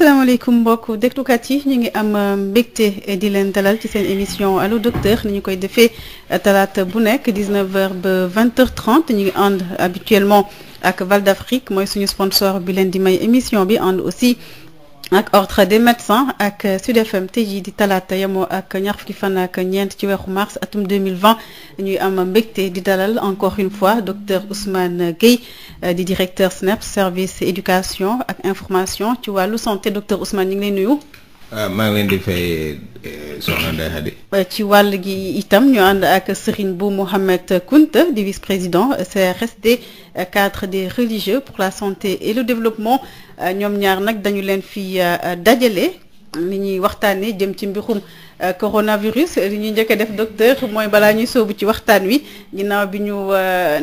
asalaamaaleykum mbokk déglukat yi ñu ngi am euh, mbégte euh, di leen talal ci seen émission allo docteur ni ñu koy defee euh, talaata bu nekk 19h ba 20h30 ñu ngi ànd habituellement ak Val d'Afrique mooy suñu sponsor bi leen di may émission bi ànd aussi. ak ordre des médecins ak Sud FM tey jii di talaata yemoo ak ñaar fukki fan ak ñeent ci weeru mars atum 2020 ñuy am mbégte di dalal encore une fois docteur Ousmane Gueye euh, di directeur SNEP service éducation ak information ci wàllu santé docteur Ousmane ñu ngi lay nuyu. Ah, maa ngi leen di fay euh, soxna euh, ci wàll gi itam ñu ànd ak Serigne Bou Mohamed Kounta di vice-président CRSD cadre des religieux pour la santé et le développement. ñoom ñaar nag dañu leen fi euh, euh, dajale li ñuy waxtaan waxtaanee jëm ci mbirum euh, coronavirus li ñuy njëkk a def docteur mooy balaa ñuy soobu ci waxtaan wi ginaaw bi ñu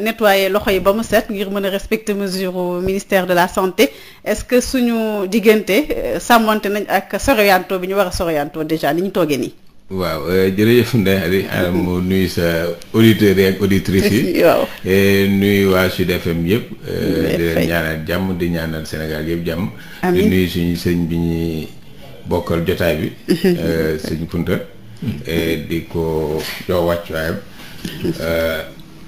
nettoyé loxo yi ba mu set ngir mën a respecter mesure ministère de la santé est-ce que suñu diggante sàmmante nañ ak soroyanto bi ñu war a soroyanto déjà li ñu toogee nii. waaw eh, jërëjëf Ndeye Khady ah, mu nuyu sa auditeurs yi ak auditrices yi. Eh, nuyu waa Sud FM yëpp. Eh, di leen ñaanal jàmm di ñaanal Sénégal yëpp jàmm. amiin di nuyu suñu sëñ bi ñuy bokkal jotaay bi. sëñ Kunta. di ko jox wàccuwaayam.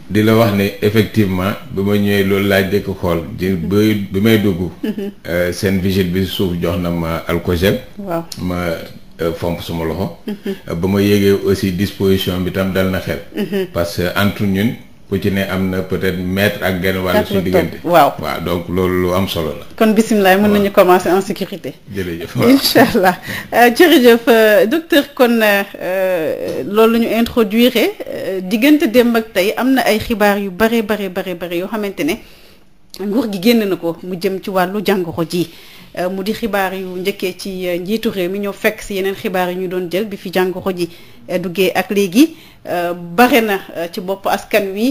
di la wax ne effectivement bi ma ñëwee loolu laa njëkk xool di bi may dugg. seen vigile bi suuf jox na ma alcogel. waaw ma. Euh, fomp suma loxo. ba ma yéegee aussi disposition bi tam dal na xel. parce que entre ñun. ku ci ne am na peut-être mètre ak genn wàll suñu diggante waaw waaw donc loolu lu am solo la kon bisimilah mën nañu commencé en sécurité jërëjëf incha allah euh, jërëjëf euh, docteur kon loolu la ñu introduire diggante démb ak tey am na ay xibaar yu bare bare bare bare yoo xamante ne nguur gi génn na ko mu jëm ci wàllu jàngoro ji Euh, mu di xibaar yu njëkkee ci euh, njiitu réew mi ñoo fekk si yeneen xibaar yi ñu doon jël bi fi jàngoro ji euh, duggee ak léegi bare na ci bopp askan wi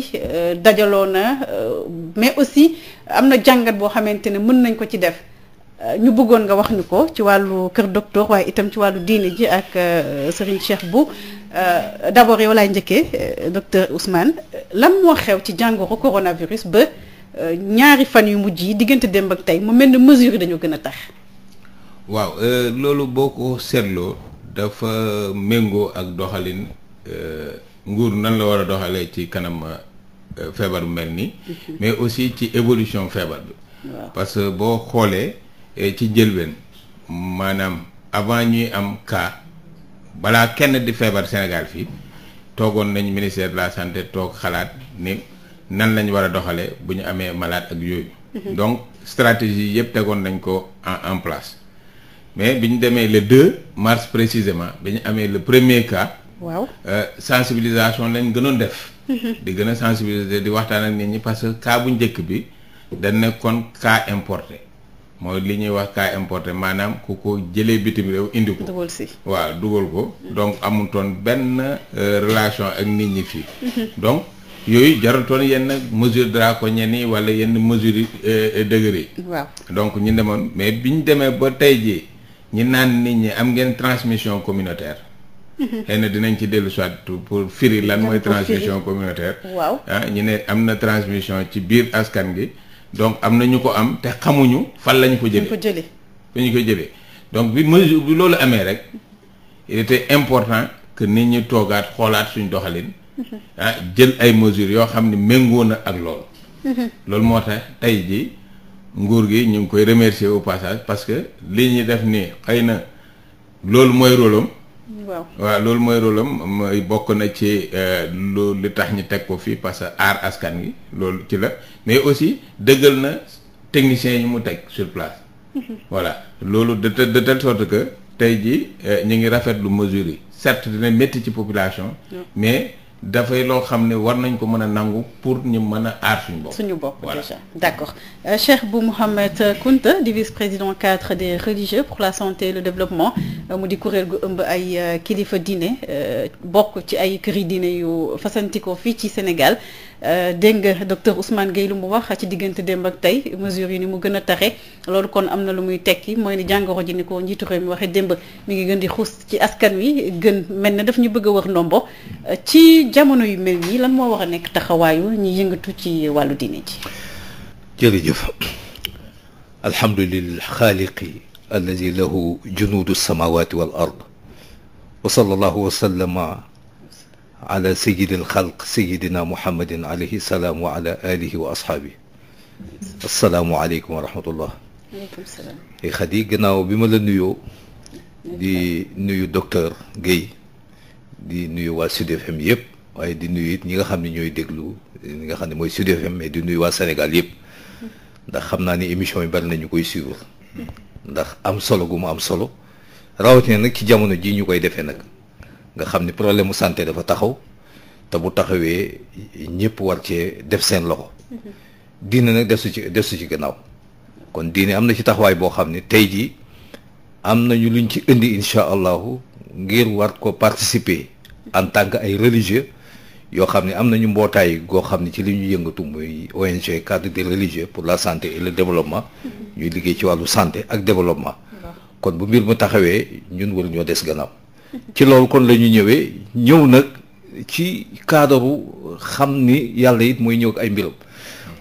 dajaloo na mais aussi am na jàngat boo xamante ne mën nañ ko ci def ñu bëggoon nga wax ñu ko ci wàllu kër docteur waaye itam ci wàllu diine ji ak Serigne Cheikh bu d'abord yow laay njëkkee docteur Ousmane lan moo xew ci jàngoro coronavirus ba. ñaari fan yu mujj yi diggante démb ak tey mu mel ni mesures dañoo gën a tax. waaw euh, loolu boo ko seetloo dafa méngoo ak doxalin euh, nguur nan la war a doxalee ci kanam euh, feebar mel nii. Mhm. mais aussi ci évolution feebar bi. waaw parce que boo xoolee ci njëlbeen maanaam avant ñuy am cas balaa kenn di feebar Sénégal fii toogoon nañ ministère de la santé toog xalaat ni. nan lañ war a doxalee bu ñu amee malaat ak yooyu. donc stratégie yëpp tegoon nañ ko en en place mais bi ñu demee le 2 mars précisément bi ñu amee le premier cas. waaw euh, sensibilisation lañ gënoon def. di gën a sensibiliser di waxtaan ak nit ñi parce que cas bu njëkk bi dañ nekkoon cas importé mooy li ñuy wax cas importé maanaam ku ko jëlee bitim réew indi ko. dugal si waaw dugal ko. donc amutoon benn euh, relation ak nit ñi fii donc. yooyu jarutoon yenn mesure draconienne yi wala yenn mesure yi dëgër yi. waaw donc ñu demoon mais bi ñu demee ba tey jii ñi naan nit ñi am ngeen transmission communautaire. Mhm. xëy dinañ ci dellu soit pour firi lan mooy transmission communautaire. waaw ah ñu ne am na transmission ci biir askan gi. donc am na ñu ko am te xamuñu fan lañu ko jëlee. ko jëlee ñu ko jëlee donc bi mesure bi loolu amee rek il important que nit ñi toogaat xoolaat suñ doxalin. ah jël ay mesures yoo xam ne méngoo na ak loolu loolu moo tax tey ji nguur gi ñu ngi koy remercier au passage parce que li ñuy def ni xëy na loolu mooy rôlam waaw loolu mooy rôle am mooy bokk na ci euh, loolu li tax ñu teg ko fii parce que aar askan gi loolu ci la mais aussi dëggal na techniciens yi mu teg sur place. voilà loolu de te de telle sorte tey jii euh, ñu ngi rafetlu mesures yi certes dina métti ci population. mais dafay loo xam ne war nañ ko mën a nangu pour ñu mën a aar suñu bopp. suñu bopp déjà d'accord euh, Cheikh Bou Mouhamed Kounta di vice-président cadre des religieux pour la santé et développement euh, mu di kuréel gu ëmb ay euh, kilifa diine bokk ci ay këri diine yu fasantikoo fii ci Sénégal. Euh, dégg nga docteur Ousmane Gueye lu mu wax ci diggante démb ak tey mesures yi ni mu gën a taxe loolu kon am na lu muy tekki mooy ni jàngoro ji ni ko njiitu réew mi waxe démb mu ngi gën di xuus ci askan wi gën mel na daf ñu bëgg a wër ndombo euh, ci jamono yu mel nii lan moo war a nekk taxawaayu ñu yëngatu ci wàllu diine ji. jërëjëf alhamdulillah xaaliqi alladi lahu junuudu samawati wal ard wa sallallahu wa sallama ala sayyidil xalq sayyidina muhammadin alayhi salaam wa ala alihi wa asxaabi asalaamualeykum wa rahmatullah waaleykum salaam Khady gannaaw bi ma la nuyoo di nuyu docteur Guèye di nuyu waa Sud FM yëpp waaye di nuyu it ñi nga xam ne ñooy déglu ñi nga xam ne mooy Sud FM mais di nuyu waa Sénégal yëpp ndax xam naa ni émission yi bari na ñu koy suivre ndax am solo gu mu am solo rawatina nag ci jamono jii ñu koy defee nag nga xam ni problème mu santé dafa taxaw te bu taxawee ñëpp war cee def seen loxo diine nag def su ci def ci gannaaw kon diine am na ci taxawaay boo xam ne tey jii am nañu luñ ci indi incha allahu ngir war ko participer en tant ay religieux yoo xam ne am nañu mbootaay goo xam ne ci li ñu yëngatu muy ONG cadre des religieux pour la santé et le développement ñuy liggéey ci wàllu santé ak développement kon bu mbir mu taxawee ñun waruñoo des gannaaw ci loolu kon la ñu ñëwee ñëw nag ci kaadaru xam ni yàlla yit mooy ñëw ak ay mbiram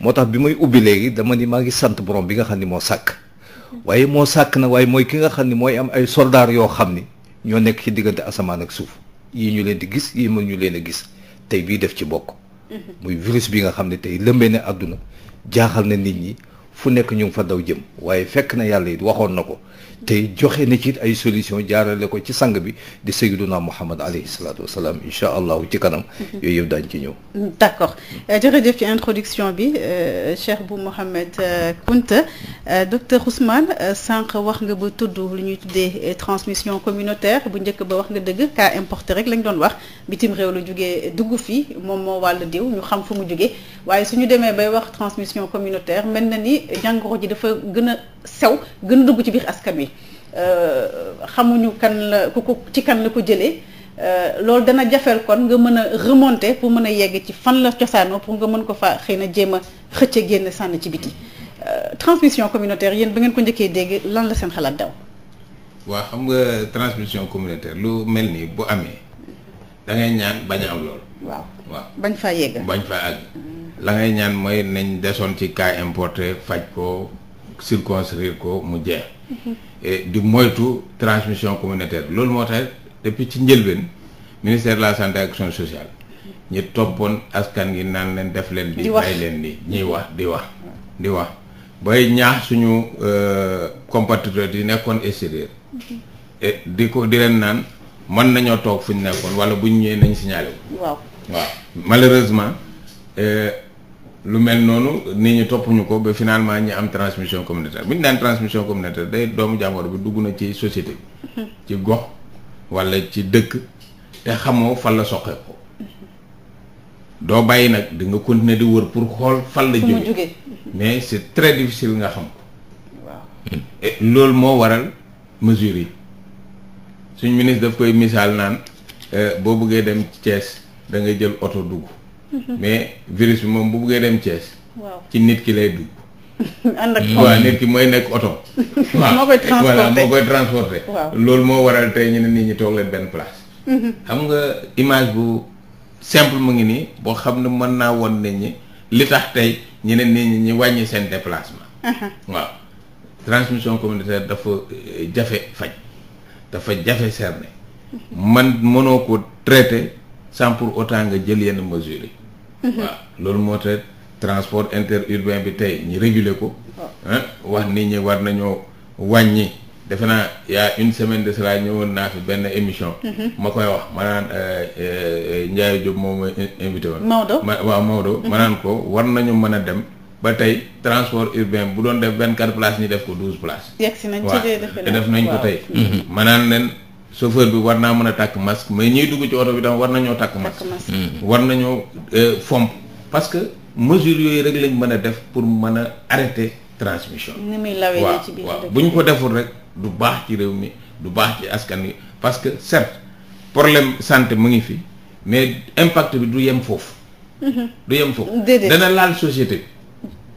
moo tax bi may ubbi léegi dama ni maa ngi sant borom bi nga xam ni moo sàkk waaye moo sàkk nag waaye mooy ki nga xam ni mooy am ay soldaar yoo xam ni ñoo nekk ci diggante asamaan ak suuf yii ñu leen di gis yii ma ñu leen a gis tey bii def ci bokk mm-hmm. muy virus bi nga xam ne tey lëmbee ne àdduna jaaxal na nit ñi fu nekk ñu fa daw jëm waaye fekk na yàlla yit waxoon na ko te joxe na ci ay solution jaarale ko ci sang bi di sayyiduna Muhammad alayhi salaatu wa salaam incha allahu ci kanam. Mhm. yooyu yëpp daañu ci ñëw. d' accord euh, jërëjëf ci introduction bi euh, Cheikh Bou Mouhamed euh, Kounta docteur Ousmane sànq wax nga ba tudd lu ñuy tuddee transmission communautaire bu njëkk ba wax nga dëgg kaa importé rek lañ doon wax bitim réew la jugee dugg fii moom moo wàll diw ñu xam fu mu jugee waaye su ñu demee bay wax transmission communautaire mel na ni jàngoro ji dafa gën sew gën a ci biir askan wi. Euh, xamuñu kan la ku ko ci kan la ko jëlee euh, loolu dana jafeel kon nga mën a remonter pour mën a yegg ci fan la cosaanoo pour nga mën ko fa xëy na jéem a xëcce génn sànn ci biti euh, transmission communautaire yéen ba ngeen ko njëkkee dégg lan la seen xalaat daw. waaw xam nga transmission communautaire lu mel nii bu amee da ngay ñaan bañ a am loolu. waaw waaw bañ faa yegg. bañ faa la ngay ñaan mooy nañ desoon ci cas importe faj ko circonscrire ko mu jeex. Mhm. di moytu transmission communautaire loolu moo tax depuis ci njëlbeen ministère la santé action sociale ñi toppoon askan gi naan leen def leen. di wax di leen di ñuy wax di wax. di wax bay ñaax suñu euh, compatriotes di nekkoon extérieur. Mm-hmm. di ko di leen naan mën nañoo toog fu ñu nekkoon wala bu ñu ñëwee nañ signalé ko. malheureusement. Euh, lu mel noonu nit ñi topp ñu ko ba finalement ñi am transmission communautaire bu ñu daan transmission communautaire day doomu jàngoro bi dugg na ci société ci gox walla ci dëkk te xamoo fan la soqee ko doo bàyyi nag di nga continuer di wër pour xool fan la jóge mais c'est très difficile nga xam ko loolu moo waral mesures yi suñ ministre daf koy misaal naan euh, boo bëggee dem cees da ngay jël oto dugg mais virus bi moom bu buggee dem Thiès. ci nit ki lay dugg. ànd ak mm. waaw nit ki mooy nekk oto. moo koy transporté voilà moo koy transporté. loolu moo waral tey ñu ne nit ñi toog leen benn place. Mm-hmm. xam nga image bu simple mu ngi nii boo xam ne mën naa woon nit ñi li tax tey ñu ne ñi ñu wàññi seen déplacement. Uh-huh. waaw transmission communautaire dafa eh, jafe faj. dafa jafe cerner. Mm-hmm. man mënoo ko traité. sans pour autant nga jël yenn mesures yi. Mhm. waaw loolu moo tax transport inter interurbain bi tey ñu réguler ko. Oh. wax nit ñi war nañoo wàññi. defe naa y'a une semaine de cela ñëwoon naa fi benn émission. Mhm. ma koy wax ma naan euh, euh, Ndiaye Diop moom mooy invité woon. Maodo ma waaw Maodo. Mhm. ma naan ko war nañu mën a dem. ba tey transport urbain bu doon def vingt quatre places ñu def ko douze places. yegg si def nañ ko tey. ma naan leen. chauffeur bi war naa mën a tàkk masque mais ñuy dugg ci oto bi tam war nañoo tàkk masque hmm. Hmm. war nañoo euh, fomp parce que mesure yooyu rek lañ mën a def pour mën a arrêter transmission waaw waaw bu ñu ko deful rek du baax ci réew mi du baax ci askan wi parce que certes problème santé mu ngi fi mais impact bi du yem foofu mhm. du yem foofu dana laal société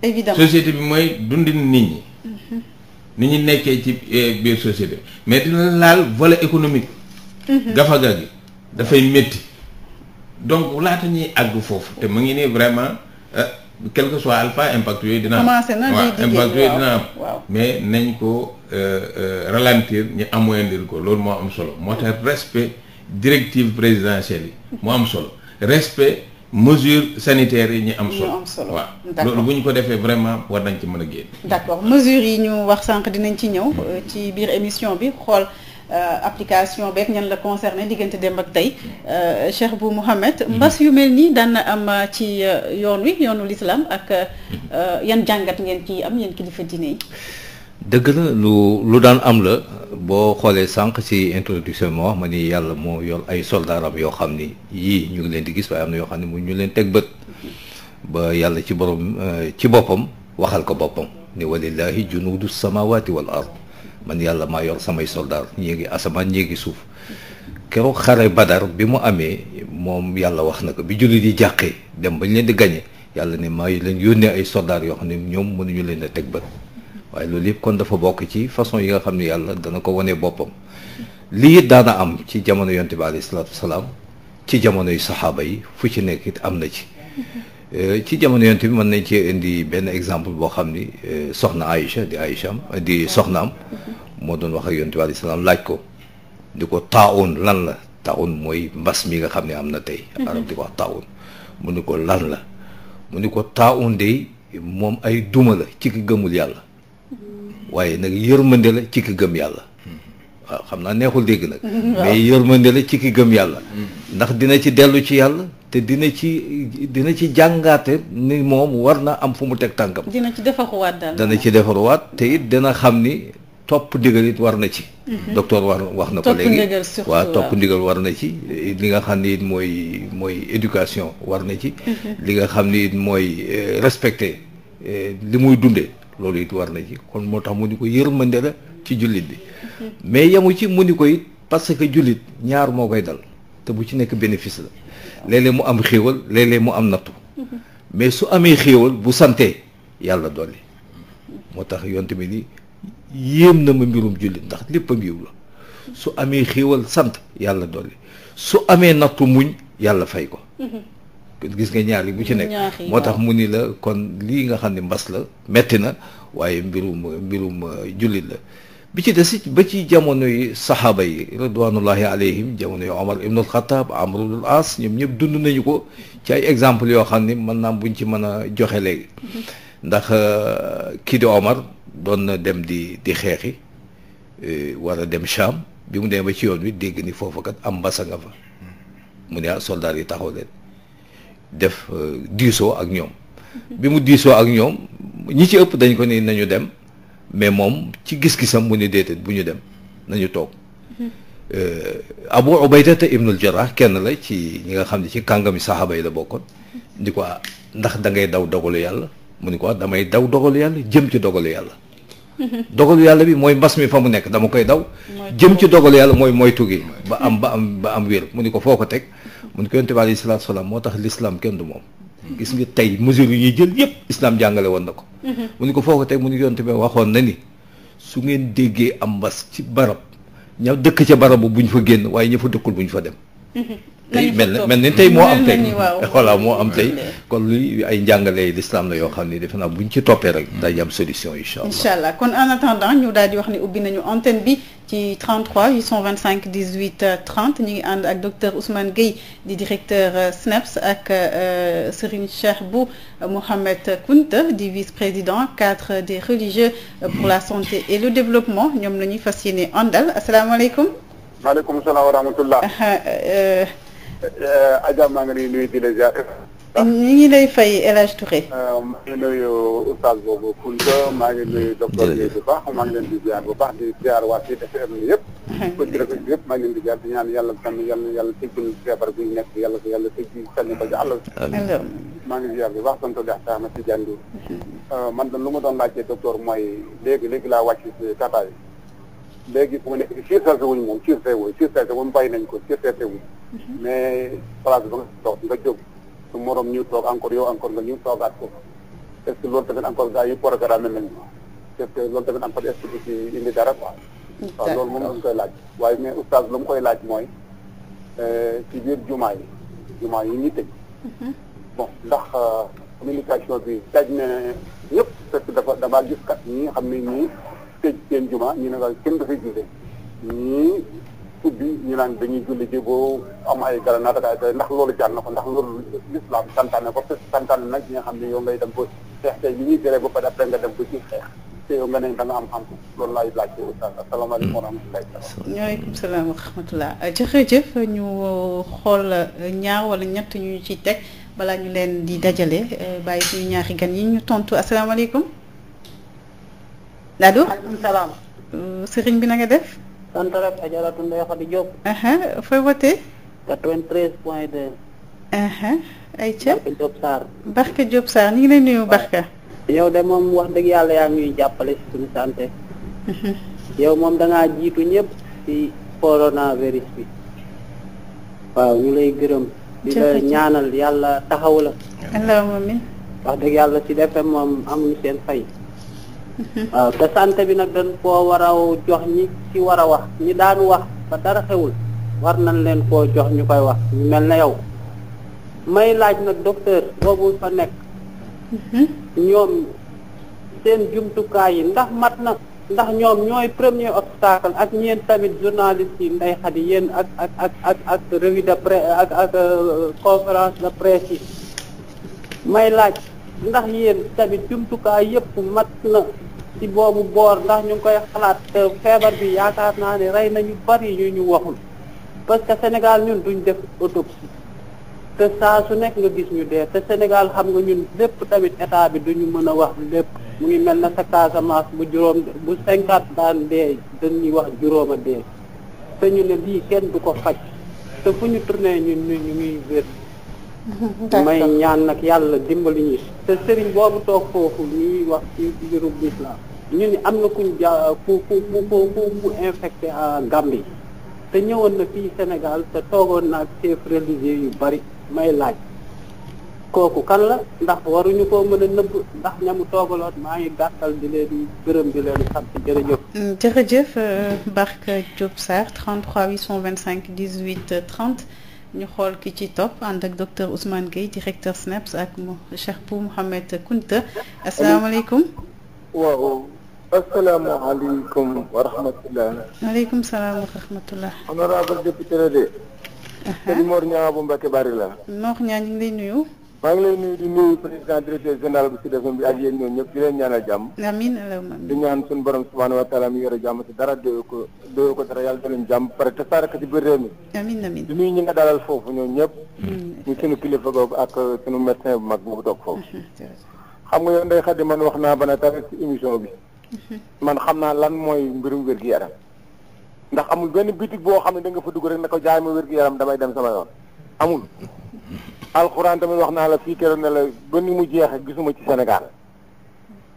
bi évidemment société bi mooy dundi nit ñi ni ñu nekkee ci eh, biir société mais dina laal vole économique. Mhm. gafaga gi dafay métti. donc laata ñuy àgg foofu te mu ngi nii vraiment eh, quel que soit alpha impact yooyu dina am commencé na waaw impact yooyu dina am mais nañ ko eh, ralentir ñu amoyendir ko loolu moo am solo moo tax respect directive présidentielle yi moo am solo respect mesures sanitaires yi ñu am solo am bu ñu ko defee vraiment war nañ ci mën a génn. d'accord mesures yi ñu wax sànq dinañ ci ñëw euh, ci biir émission bi xool euh, application beek ñan la concerné diggante dem ak tey euh, Cheikh Bou Mouhamed mhm. mbas yu mel nii daan na am ci yoon wi yoonu l'islam ak mhm. yan jàngat ngeen kii am yéen kilifa diine yi dëgg la lu lu daan am la boo xoolee sànq si introduction moo wax ma ni yàlla moo yor ay soldaaram yoo xam ni yii ñu ngi leen di gis waaye am na yoo xam ne mu ñu leen teg bët ba yàlla ci borom eh, ci boppam waxal ko boppam ni walillahi junuudu samawati wal ard man yàlla maa yor samay soldaar ñii ngi asamaan ñii ngi suuf keroog xare badar bi mu amee moom yàlla wax na ko bi jullit di jàqee dem bañ leen di gañe yàlla ne maa leen yónnee ay soldaar yoo xam ne ñoom mënuñu leen a teg bët waaye loolu yëpp kon dafa bokk ci façon yi nga xam ne yàlla dana ko wane boppam lii it daana am ci jamono yonte bi alayhi salaatu wasalaam ci jamonoy saxaaba yi fu ci nekk it am na ci euh, ci jamono yonte bi mën nañ ci indi benn exemple boo xam ni euh, soxna Aïcha di Aïcha am di soxna am moo doon wax ak yonte bi alayhi salaam laaj ko di ko taaun lan la taaun mooy mbas mi nga xam ne am na tey mhm. arab di ko wax taaun mu ni ko lan la mu ni ko taaun day moom ay duma la ci ki gëmul yàlla waaye nag yërmande la ci ki gëm yàlla waaw xam naa neexul dégg nag mais yërmande la ci ki gëm yàlla mm-hmm. ndax dina ci dellu ci yàlla te dina ci dina ci jàngaate ni moom war na am fu mu teg tànkam dina ci defaruwaat daal dana ci te it dina xam ni topp ndigal it war na ci mm-hmm. docteur war wax na ko léegi waaw topp ndigal war na ci li nga xam ni it mooy mooy éducation war na ci mm-hmm. li nga xam ni it mooy euh, respecte euh, li muy dundee loolu it war na ci kon moo tax mu ni ko yërmande la ci jullit bi mais yemu ci mu ni ko it parce que jullit ñaar moo koy dal te bu ci nekk bénéfice la léeg mu am xéewal léeg mu am nattu mais su amee xéewal bu santee yàlla dolli moo tax yonte bi ni yéem na ma mbirum jullit ndax lépp a mbiw la su amee xéewal sant yàlla dolli su amee nattu muñ yàlla fay ko gis nga ñaar yi bu ci nekk moo tax mu ni la kon lii nga xam ne mbas la metti na waaye mbirum mbirum euh, jullit la bi ci des ba ci jamono yi saxaaba yi ridwanullahi alayhim jamono yu omar ibnul xataab amr ibnul as ñoom ñëpp dund nañu ko ci ay exemple yoo xam ne mën naa buñ ci mën a joxe léegi mm-hmm. ndax euh, kii di omar doon na dem di di xeexi euh, war a dem Cham bi mu demee ba ci yoon wi dégg ni foofu kat am mbasa nga fa mm-hmm. mu ne ah, soldaar yi taxaw leen def euh, diisoo ak ñoom bi mu diisoo ak ñoom ñi ci ëpp dañ ko nii nañu dem mais moom ci gis-gisam mu ni déedéet bu ñu dem nañu toog euh, Abu Ubayda ibnul Jarrah kenn la ci ñi nga xam ne ci kàngami saxaaba yi la bokkoon di ko ah, ndax da ngay daw dogalu yàlla mu ni ko ah, damay daw dogalu yàlla jëm ci dogalu yàlla dogalu yàlla bi mooy mbas mi fa mu nekk dama koy daw jëm ci dogalu yàlla mooy moytu gi ba am ba am ba am wér mu ni ko foo ko teg mun ko yonte bi alayhi salaatu salaam moo tax lislaam kenn du moom gis nga tey mesures yi ñuy jël yëpp islam jàngale woon na ko mu ni ko foo ko teg mu ni yonte bi waxoon na ni su ngeen déggee am mbas ci barab ña dëkk ca barab bu ñu fa génn waaye ña fa dëkkul bu ñu fa dem tey mel na tey moo am tey voilà moo am kon luy ay njàngale l'islam la yoo xam ne defe bu buñ ci toppee rek dañuy am solution incha allah incha allah kon en attendant ñu daal di wax ne ubbi nañu antenne bi ci 33 825 18 ñu ngi ànd ak docteur Ousmane Gueye di directeur euh, SNEPS ak euh, Serigne Cheikh Bou euh, Mohamed Kounta di vice-président cadre des religieux pour la santé et le développement ñoom la ñuy fas yéene àndal asalaamaaleykum. maaleykum salaam wa Euh, Adja maa ngi ni nuyu di la ziar. ñu ngi lay fay El Hadj Touré. Euh, maa ngi nuyu oustaz boobu Kounta maa ngi nuyu docteur Guèye baax maa ngi leen di ziar bu baax di jaar waa Sud FM yëpp. alhamdulilah ko yëpp maa ngi leen di ziar di ñaan yàlla sànni yàlla yàlla tëjul feebar nekk yàlla ko yàlla tëjul sànni ko ci àll maa ngi ziar bu baax sant di wax Ahmed Tidiane man de lu ma doon laaj laajte docteur mooy léegi léegi laa wàcc si yi léegi fu mu nekk surseté wuñ moom surseté wuñ surseté wuñ bàyyi nañ ko surseté wuñ mhm. mais place ba nga toog nga jóg su morom ñu toog encore yow encore nga ñu at ko est ce que loolu tamit encore gars yi programme nañ est ce que loolu tamit encore est si que ci indi dara quoi waaw loolu moom lañ koy laaj waaye mais oustaz lu mu koy laaj mooy euh, ci biir jumaa yi jumaa yi ñu tëj mhm. bon ndax euh, communication bi taj na ñëpp parce que dafa damaa gis kat ñi xam ne ñii tëj seen juma ñu ne kenn dafay julli ñii ubbi ñu naan dañuy julli ji boo am ay gàllankoor ak ay kay ndax loolu jar na ko ndax loolu lislaam santaane ko te santaane nag ñi xam ne yow ngay dem ko xeex tey li ñuy tere ba pare après nga dem ko ci xeex te da nga am xam loolu laay laajte oustaz asalaamaaleykum wa rahmatulah. Mm. waaleykum salaam wa rahmatulah euh, ñu euh, xool euh, ñaar wala ñett ñu ci teg balaa ñu leen di dajale bàyyi suñu ñaari gan yi ñu tontu asalaamaaleykum. allo maaleykum salaam. Euh, sëriñ bi na nga def. sant rek Ajaratu Ndeye Khady Diop. fooy wootee. 93 point 2. ayca Barke Diop Sarr. Barke Diop Sarr ñu ngi lay nuyu Barka. yow de moom wax dëgg yàlla yaa ngi ñuy jàppale si suñu santé. yow moom danga ngaa jiitu ñëpp si coronavirus bi. waaw ñu lay gërëm. di la ñaanal yàlla taxaw la. allahumma amin. wax dëgg yàlla si defee moom amuñu seen fay. waaw te bi nag dañ koo war a jox ñi ci war a wax ñi daan wax ba dara xewul war nañ leen koo jox ñu koy wax ñu mel na yow may laaj nag docteur boobu fa nekk mhm. ñoom seen jumtukaay yi ndax mat na ndax ñoom ñooy premier obstacle ak ñeen tamit journaliste yi nday xadi yéen ak ak ak ak ak revue de euh, may laaj ndax yéen tamit jumtukaay yëpp mat na ci boobu boor ndax ñu ngi koy xalaat te feebar bi yaakaar naa ne rey nañu bari ñu ñu waxul parce que Sénégal ñun duñ def autopsie te saa su nekk nga gis ñu dee te Sénégal xam nga ñun lépp tamit état bi duñu mën a wax lépp mu ngi mel na sa Casamance bu juróom bu cinquante daan dee dañuy wax juróom a dee te ñu ne lii kenn du ko faj te fu ñu tourné ñu ñu ngi wér may ñaan nag yàlla dimbali ñu te sëriñ boobu toog foofu ñuy wax ci mbirum islam ñu ni am na kuñ ja ku ku ku ku infecté à Gambie te ñëwoon na fii Sénégal te toogoon na ak chef religieux yu bari may laaj kooku kan la ndax waruñu koo mën a nëbb ndax ñamu toogaloon maa ngi gàttal bi leen gërëm di leen sant jërëjëf. Mm, jërëjëf euh, Barke Diop vingt 33 825 18 30 ñu xool ki ci topp ànd ak docteur Ousmane Gueye directeur SNEPS e ak Cheikh Bou Mouhamed Kounta asalaamaaleykum. waaw. asalaamaaleykum wa rahmatulah. maaleykum salaam wa rahmatulah. honorable député la de. Serigne Mor Niang bu Mbacke Bari la. Noox ñaa ñu ngi lay nuyu. ngi lay nuyu di nuyu président directeur général bi ak yéen ñoom ñëpp di leen ñaanal jàmm. ñaan suñu borom subhaanahu wa taala mi yore jàmm te dara ko doyoo ko dara yàlla da leen jàmm pare te saaraka ci ñi nga dalal foofu ñoom ñëpp. ñu sunu ak sunu médecin bu mag boobu toog xam nga yow Ndeye Khady man wax naa ba ne tamit ci émission bi. man xam naa lan mooy mbirum wér gi yaram ndax amul benn bitig boo xam ne da nga fa dugg rek ne ko jaay ma wér gi yaram damay dem sama yoon amul alxuraan tamit wax naa la fii keroog ne la ba ni mu jeexee gisuma ci Sénégal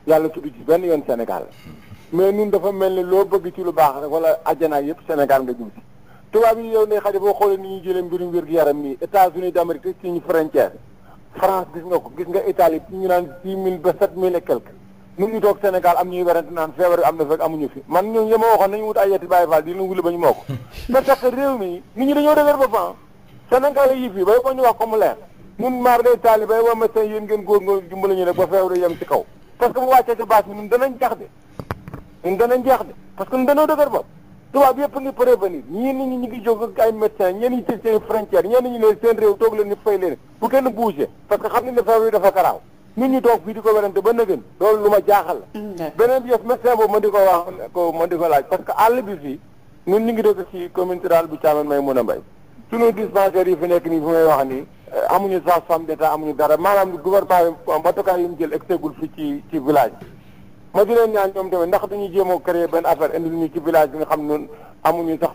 yàlla tudd ci benn yoon Sénégal mais nun dafa mel ni loo bëgg ci lu baax rek wala àjjanaa yëpp Sénégal nga jëm si tubaab yi yow ne xaja boo xoolee ni ñuy jële mbirum wér gi yaram nii États-Unis d'Amérique ci ñu frontière France gis nga ko ñu naan six mille ba ñun ñu toog Sénégal am ñuy werante naan feebar bi am na fekk amuñu fi man ñu dañoo dëgër boppam Sénégal yi fii bay ko ñu wax ko mu leer ñun maar day taali bay waa médecin yéen ngeen góor ngóor dimbali ñu rek ba feebar yem ci kaw parce que bu wàccee ci bâche danañ jax de ñun danañ jeex de parce que ñun dañoo dëgër bopp tubaab yëpp ngi prévenir ñii nit ñi ñu ngi jóg ak ay médecin ñeen ñi tëj seen frontière ñeen ñi ne seen réew toog leen ñu fay leen bu kenn bougé parce que xam ne feebar bi nit ñi toog fii di ko werante ba nëgën loolu lu ma jaaxal la mm, beneen bi yëf médecin boobu ma di ko wax ko ma di ko laaj parce que àll bi fii ñun ñu ngi dëkk ci commune rurale bu Thiamène Maymouna Mbaye suñu dispensaire yi fi nekk nii fi may wax nii amuñu sage-femme d'état amuñu dara maanaam gouvernement bi matukaay yi mu jël egseegul fii ci ci village ma di leen ñaan ñoom tamit ndax dañuy jéem a créer benn affaire indi ñu ci village bi nga xam noonu amuñu sax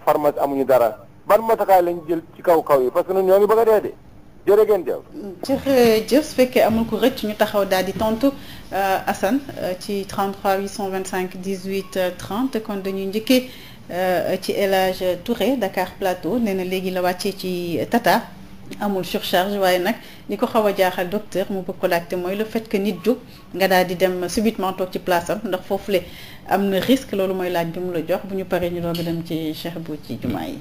dara ban matukaay lañ jël ci kaw kaw yi parce que ñoo ngi bëgg de jërë ngeen jëf. jërëjëf su fekkee amul ko rëcc ñu taxaw daal di tontu euh, Assane euh, ci 33 825 18 30 kon dañuy njëkkee euh, ci El Hadj Touré Dakar Plateau nee na léegi la wàccee ci Tata amul surcharge waaye nag li ko xaw a jaaxal docteur mu bëgg ko laajte mooy le fait que nit jóg nga daal di dem subitement toog ci place am ndax foofule am na risque loolu mooy laaj bi mu la jox bu ñu paree ñu doog a dem ci Cheikh bu ci jumaa yi.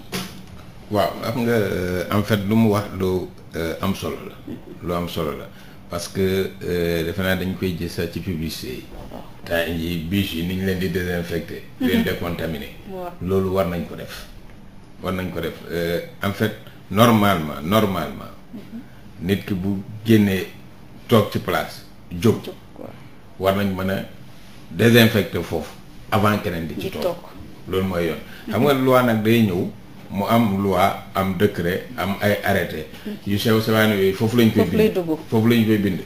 waaw am nga euh, en fait lu mu wax lu euh, am solo la lu am solo la parce que euh, defe naa dañ koy gis sax ci publicité yi temps yi biche yi ni ñu leen di désinfecté di leen décontaminé loolu war nañ ko def war nañ ko def en fait normalement normalement mhm. nit ki bu génnee toog ci place jóg war nañ mën a désinfecté foofu avant keneen di ci toog loolu mooy yoon xam mhm. nga loi nag day ñëw mu am loi am décret am ay arrêté yu sew sewaan yooyu foofu lañ koy bind foofu lañ koy bind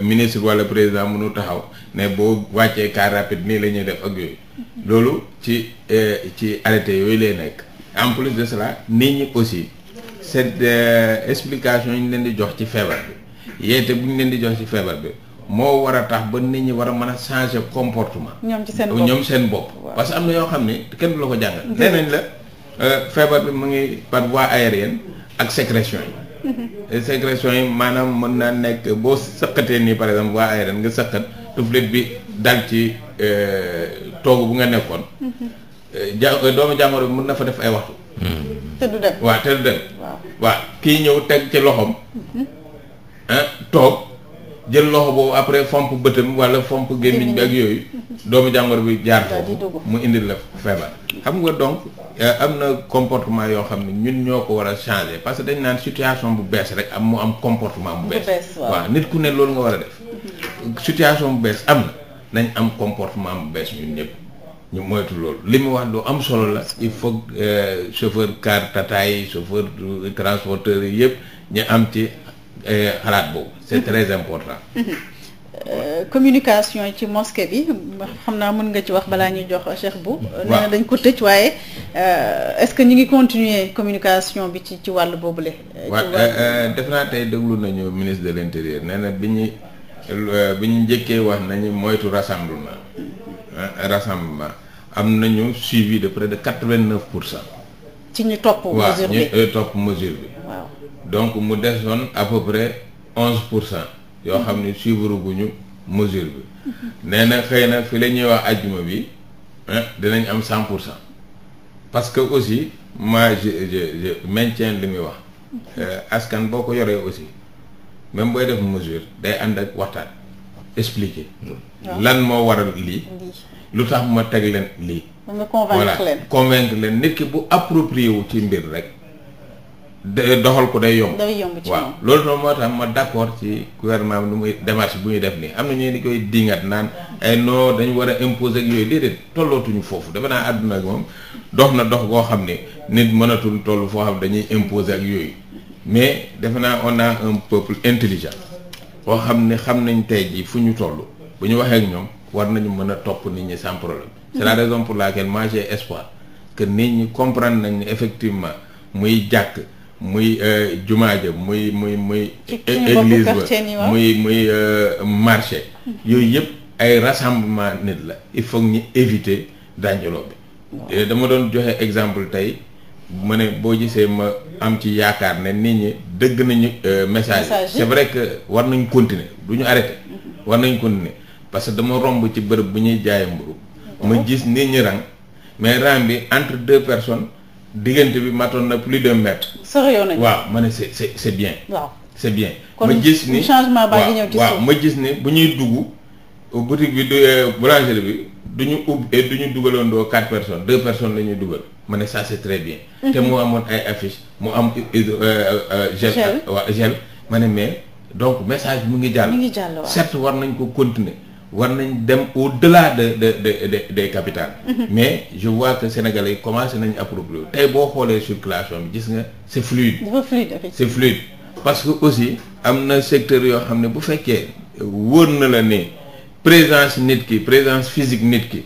ministre wala président mënu taxaw ne boo wàccee car rapide nii la ñuy def ak yooyu loolu ci eh, ci arrêté yooyu lay nekk en plus de cela nit ñi aussi cette eh, explication yu ñu leen di jox ci feebar bi yeete bu ñu leen di jox ci feebar bi moo war a tax ba nit ñi war a mën a changer comportement ñoom seen bopp parce que am na yoo xam ni kenn du la ko jàng nee la Euh, feebar bi mu ngi par voie aérienne ak sécrétion yi mm-hmm. sécrétion yi maanaam mën naa nekk boo sëqatee nii par exemple voie aérienne nga sëqat tuflit bi dal ci euh, toog bu nga nekkoon mm-hmm. ja euh, doomu jàngoro bi mën na fa def ay waxtu te mm-hmm. du te du dem waaw kii ñëw teg ci loxoom toog jël loxo boobu après fomp bëtam wala fomp gémmiñ bi ak yooyu doomu jàngoro bi jaar foofu mu indil la feebar xam nga donc Euh, am na comportement yoo xam ne ñun ñoo ko war a changer parce que dañ naan situation bu bees rek am mu am comportement bu bees waaw nit ku ne loolu nga war a def situation bu bees am na nañ am comportement bu bees ñun ñëpp ñu moytu loolu li mu wax lu am solo la il faut euh, chauffeur car tata yi chauffeur transporteur yi yëpp ñu am ci euh, xalaat boobu c'est très important Euh, communication ci mosquée bi xam naa mën nga ci wax balaa ñuy jox Cheikh bu nee dañ ko tëj waaye euh, est-ce que ñu ngi continuer communication bi ci ci wàll boobu waaw euh, def naa tey déglu nañu ministre de l'intérieur nee na bi ñu bi ñu njëkkee wax nañu moytu rassemblement rassemblement am nañu suivi de près de quatre-vingt-neuf pour cent ci ñu topp mesure bi waaw bi donc mu desoon à peu près onze pour cent yoo xam ni suivre gu ñu mesure bi nee na xëy na fi la ñuy wax ajjuma bi dinañ am cent pour cent parce que aussi moi je je li muy wax euh, askan boo ko yoree aussi même booy def mesure day ànd ak waxtaan expliquer lan moo waral lii lu tax ma teg leen lii voilà convaincre leen nit ki bu approprié wu ci mbir rek doxal ko day yomb day waaw loolu noonu moo tax ma d'accord ci gouvernement bi nu muy démarche bu ñuy def nii am na ñoo ni koy diingat naan ay eh, non dañu war a imposer ak yooyu déedéet tollootuñu foofu defe naa àdduna ak moom dox na dox goo xam ne nit mënatul toll foo xam dañuy imposer ak yooyu mais defe naa on a un peuple intelligent boo xam ne xam nañ tey jii fu ñu toll bu ñu waxee ak ñoom war nañu mën a topp nit ñi sans problème c'est la raison pour laquelle moi j'ai espoir que nit ñi comprendre nañ ne effectivement muy jàkk muy euh, jumaa ja muy muy muy église ba muy muy euh, marché yooyu yëpp ay rassemblement nit la il faut ñu éviter danjaloo bi dama doon joxe exemple tey ma ne boo gisee ma am ci yaakaar ne nit ñi dëgg nañu euh, message c'est vrai que war nañ continuer du ñu arrêté mm-hmm. war nañ continuer parce que dama romb ci bërëb bu ñuy jaayee mburu ma gis nit ñi rang mais rang bi entre deux personnes diggante bi matoon na plus d'un mètre. soriwoon nañu waaw ma ne c'est c'est c'est bien. bien. ma gis ni changement baa ngi ñëw ci waaw ma gis ni bu ñuy dugg boutique bi du euh, boulangerie bi du ñu ub et du ñu dugalandoo quatre personnes deux personnes la ñuy dugal ma ne ça c'est très bien. Mhm. te mu amoon ay affiches mu am euh, euh, gel. gel waaw gel ma ne mais donc message mu ngi jàll. mu ngi jàll war nañ ko continuer. war nañ dem au-delà de de de de des capitales. Mm-hmm. mais je vois que yi commencé nañ approprier tey boo xoolee circulation bi gis nga c'est fluide. dafa fluide parce que aussi am na secteur yoo xam ne bu fekkee wóor na la ne présence nit ki présence physique nit ki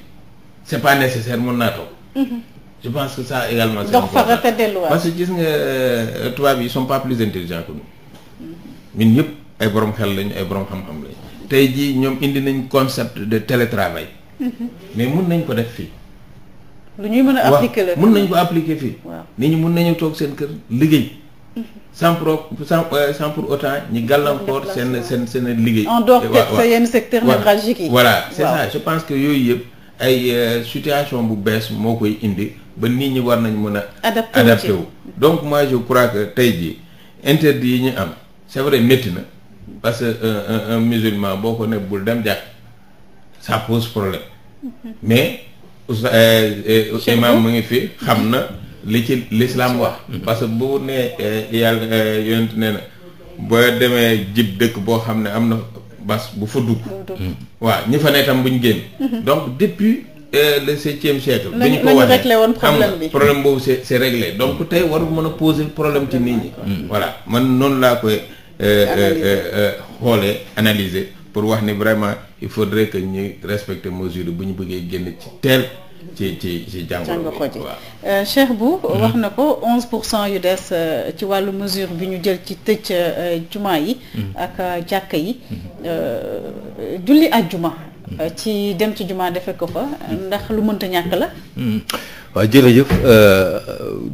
c'est pas nécessaire mën naa toog. Mm-hmm. je pense que ça également. c'est important parce que gis nga euh, tubaab yi ils sont pas plus intelligents que nous. Mm-hmm. ñun ñëpp ay borom xel lañu ay borom xam-xam lañu. tey jii ñoom indi nañ concept de télétravail. Mm-hmm. mais mun nañ ko def fii. lu ñuy mën a mun nañ ko appliquer fii. nit ñi mun nañu toog seen kër liggéey. Mm-hmm. Euh, sans pour sans sans pour ñi gàllankoor seen seen seen liggéey. en dehors sa yenn secteur névralgique yi. voilà c'est ça je pense que yooyu yëpp ay euh, situation bu bees moo koy indi ba nit ñi war nañ mën a. adapté wu donc moi je crois que tey jii interdit yi ñu am c'est vrai métti na. parce que un, musulman boo ko ne bul dem jàkk ça pose problème mais euh, euh, imam mu ngi fi xam na li ci lislaam wax mm-hmm. parce que bu ne euh, yàlla yonent ne na boo demee jib dëkk boo xam ne am na bas bu fa dugg mm-hmm. waaw ñi fa ne tam buñ génn mm-hmm. donc depuis le septième siècle bi ñu ko waxee réglé woon problème bi problème boobu c'est c'est réglé donc tey waru mën a poser problème ci nit ñi voilà man noonu laa koy Euh, euh, euh, xoolee analyser pour wax ni vraiment il faudrait que ñu respecter mesure bu ñu bëggee génn ci teel ci ci ci jàngoro ko ci Cheikh Bou mhm. wax na ko onze pour cent yu des ci wàllu mesure bi ñu jël ci tëj juma yi mhm. ak jàkka yi mhm. julli ak juma ci dem ci jumaa defe ko fa ndax lu mënta ñàkk la waaw jërëjëf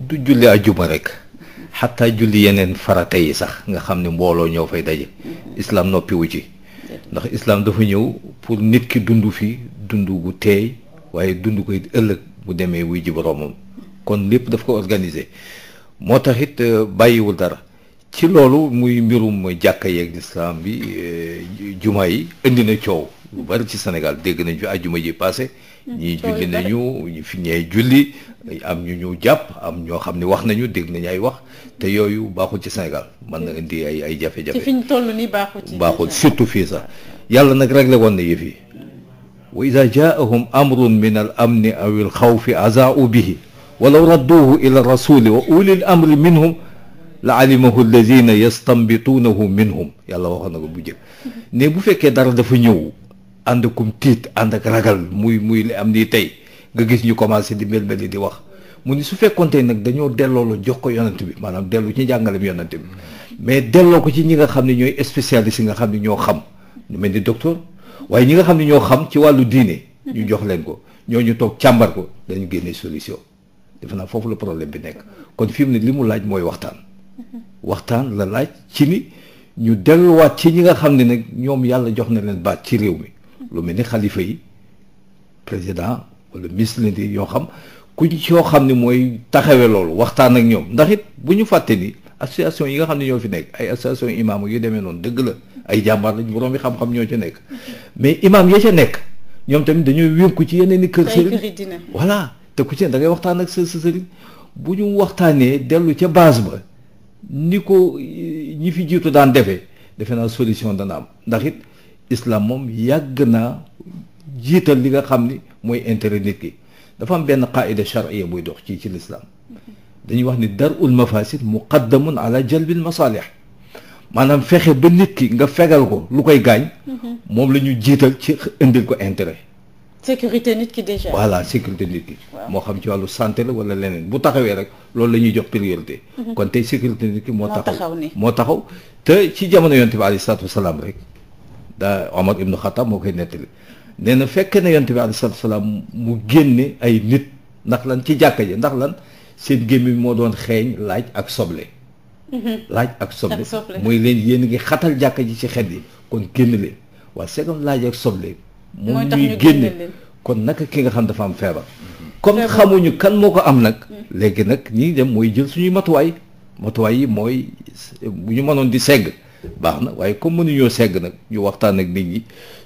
du julli ak juma rek xataa julli yeneen farate yi sax nga xam ne mbooloo ñoo fay daje islam noppiwu ci ndax islam dafa ñëw pour nit ki dund fii dund bu teey waaye dund koy ëllëg bu demee wuy ji boroomam kon lépp daf ko organiser moo tax it euh, bàyyiwul dara ci loolu muy mbirum jàkk yeeg lislaam bi euh, jumaa yi indi na coow lu bari ci Sénégal dégg nañ fi àjjuma ji passé ñii julli nañu ñu fi ñee julli am ñu ñu jàpp am ñoo xam ne wax nañu dégg nañu ay wax te yooyu baaxul ci Sénégal mën na indi ay ay jafe-jafe ci fi ñu toll nii baaxul ci surtout fii sax yàlla nag réglé woon na yëf yi wa ida jaahum amrun min al amni aw al xawfi azaau bihi walaw radduuhu ila rasuli wa ulil amri minhum la alimahu alladina yastambituunahu minhum yàlla waxoon na ko bu jëkk mm-hmm. ne bu fekkee dara dafa ñëw ànd akum tiit ànd ak ragal muy muy li am nii tey nga gis ñu commencé di mel mel di wax mu ni su fekkoonte nag dañoo delloo la jox ko yonent bi maanaam dellu ci njàngalem yonent bi mais delloo ko ci ñi nga xam ne ñooy spécialiste nga xam ne ñoo xam ñu mel ni docteur waaye ñi nga xam ne ñoo xam ci wàllu diine ñu jox leen ko ñooñu toog càmbar ko dañu génne solution defe naa foofu la problème bi nekk kon fi mu ne li mu laaj mooy waxtaan waxtaan la laaj ci ni ñu delluwaat ci ñi nga xam ne nag ñoom yàlla jox na leen baat ci réew mi lu mel ni xalifa yi président wala ministre leen di yoo xam ku yoo xam ne mooy taxawee loolu waxtaan ak ñoom ndax it bu ñu fàtte ni association yi nga xam ne ñoo fi nekk ay association imaam yu demee noonu dëgg la ay jàmbaar lañ borom bi xam-xam ñoo ci nekk mais imaam ya ca nekk ñoom tamit dañoo wénku ci yeneen i kër sëriñ voilà te ku ci da ngay waxtaan ak sa sëriñ bu ñu waxtaanee dellu ca base ba ni ko eh, ñi fi jiitu daan defee defe naa solution dana am ndax islam moom yàgg naa jiital li nga xam ni mooy intérêt nit ki dafa am benn qaida charia buy dox ci ci l'islam dañuy wax ni darul mafasid muqaddamun ala jalbil masalih maanaam fexe ba nit ki nga fegal ko lu koy gaañ mm-hmm. moom la ñu jiital ci indil ko intérêt sécurité nit ki déjà voilà sécurité nit ki moo xam ci wàllu santé la wala leneen bu taxawee rek loolu la ñuy jox priorité mm-hmm. kon tey sécurité nit ki moo taxaw moo taxaw te ci jamono yonte bi alayhi salaatu wasalaam rek daa Omar ibnu Xattaab moo koy nettali nee na fekkee na yonent bi alayhi salaatu salaam mu génne ay nit ndax lan ci jàkka ji ndax lan seen gémmiñ moo doon xeeñ laaj ak soble mm-hmm. laaj ak soble mooy leen yéen ngi xatal jàkka ji ci xet yi kon génn leen waaye segam laaj soble moom ñuy génne kon naka ki nga xam dafa am feebar comme mm-hmm. xamuñu kan moo ko am nag mm-hmm. léegi nag ñi dem mooy jël suñuy matuwaay matuwaay yi mooy bu ñu mënoon di segg baax na waaye comme mënuñoo segg nag ñu waxtaan ak nit ñi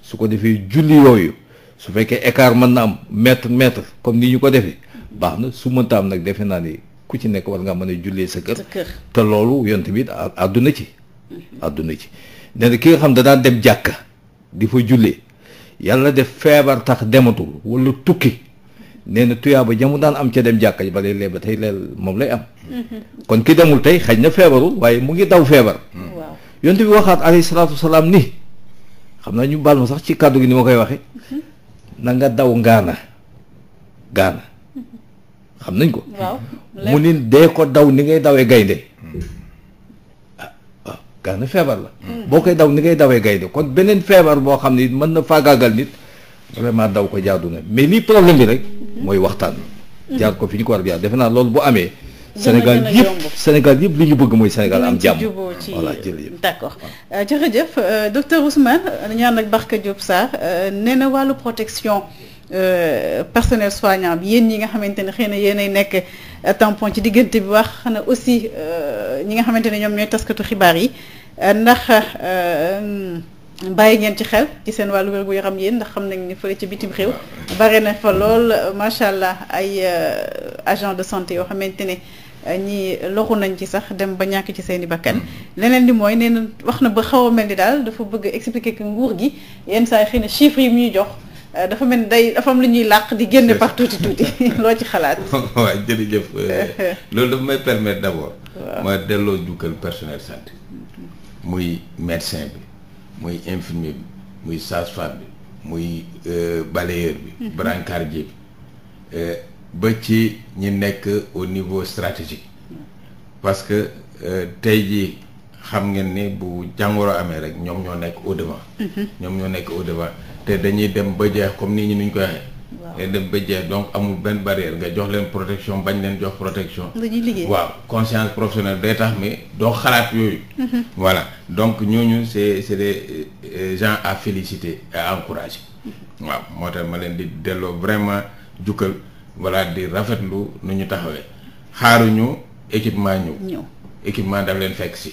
su ko defee julli yooyu su fekkee écart mën na am mètre mètre comme ni ñu ko defee baax na su mënta am nag defe naa ni ku ci nekk war ngaa mën a jullee sa kër te loolu yonent bi àdduna ci àdduna ci nee ki nga xam da daan dem jàkka di fa jullee yàlla def feebar tax dematul wala tukki nee na tuyaaba jamu daan am ca dem jàkka ba leeba tey leel moom lay am mm-hmm. kon ki demul tey xaj na feebarul waaye mu ngi daw feebar mm-hmm. yonent bi waxaat alayhi salaatu wasalaam ni xam naa ñu baal ma sax ci kàddu gi ni ma koy waxe na nga daw ngaana gaana xam nañ ko mu ni dee ko daw ni ngay dawee gaynde ah waaw gaana feebar la mm. boo koy daw ni ngay dawee gaynde kon beneen feebar boo xam ne mën na faagaagal nit vraiment daw ko jaadu na mais lii problème bi rek mm-hmm. mooy waxtaan mm-hmm. jaar ko fi ñu ko war a jaar defe naa loolu bu amee Sénégal yëpp Sénégal yëpp li ñu bëgg mooy Sénégal am jàmm voilà jërëjëf d'accord euh, jërëjëf euh, docteur Ousmane ñaan ak Barka Diop Sarr euh, nee na wàllu protection personnel soignant bi yéen ñi nga xamante ne xëy na yéenay nekk tampon ci diggante bi wax na aussi ñi nga xamante ne ñoom ñooy taskatu xibaar yi ndax mm, bàyyi ngeen ci xel ci seen wàllu wér gu yaram yéen ndax xam nañu ne fële ci bitim réew bare na fa lool macha allah ay agent de santé yoo xamante ne ñi loxu nañ ci sax dem ba ñàkk ci seen i bakkan leneen li mooy nee wax na ba xaw a mel ni daal dafa bëgg expliqué que nguur gi yenn saa yi xëy yi muy jox euh, dafa mel ni day dafa am lu ñuy làq di génne par tuuti tuuti ci xalaat. waaw euh, loolu dafa may permettre d' abord. delloo jukkal personnel santé. muy médecin bi muy infirmier bi muy sage-femme bi muy euh, balayeur bi mm-hmm. brancardier bi. ba ci ñi nekk au niveau stratégique parce que euh, tey jii xam ngeen ni bu jàngoro amee rek ñoom ñoo nekk au devant. Mm-hmm. ñoom ñoo nekk au devant te dañuy dem ba jeex comme nii ñu nuñ koy waxee. dem ba jeex donc amul benn barrière nga jox leen protection bañ leen jox protection. dañuy liggéey waaw conscience professionnelle day tax mais doo xalaat yooyu. Mm-hmm. voilà donc ñooñu c'est c'est des euh, gens à féliciter à encourager. Mm-hmm. waaw moo tax ma leen di delloo vraiment jukkal. voilà di lu nu ñu taxawee xaaruñu équipement ñëw équipement daf leen fekk si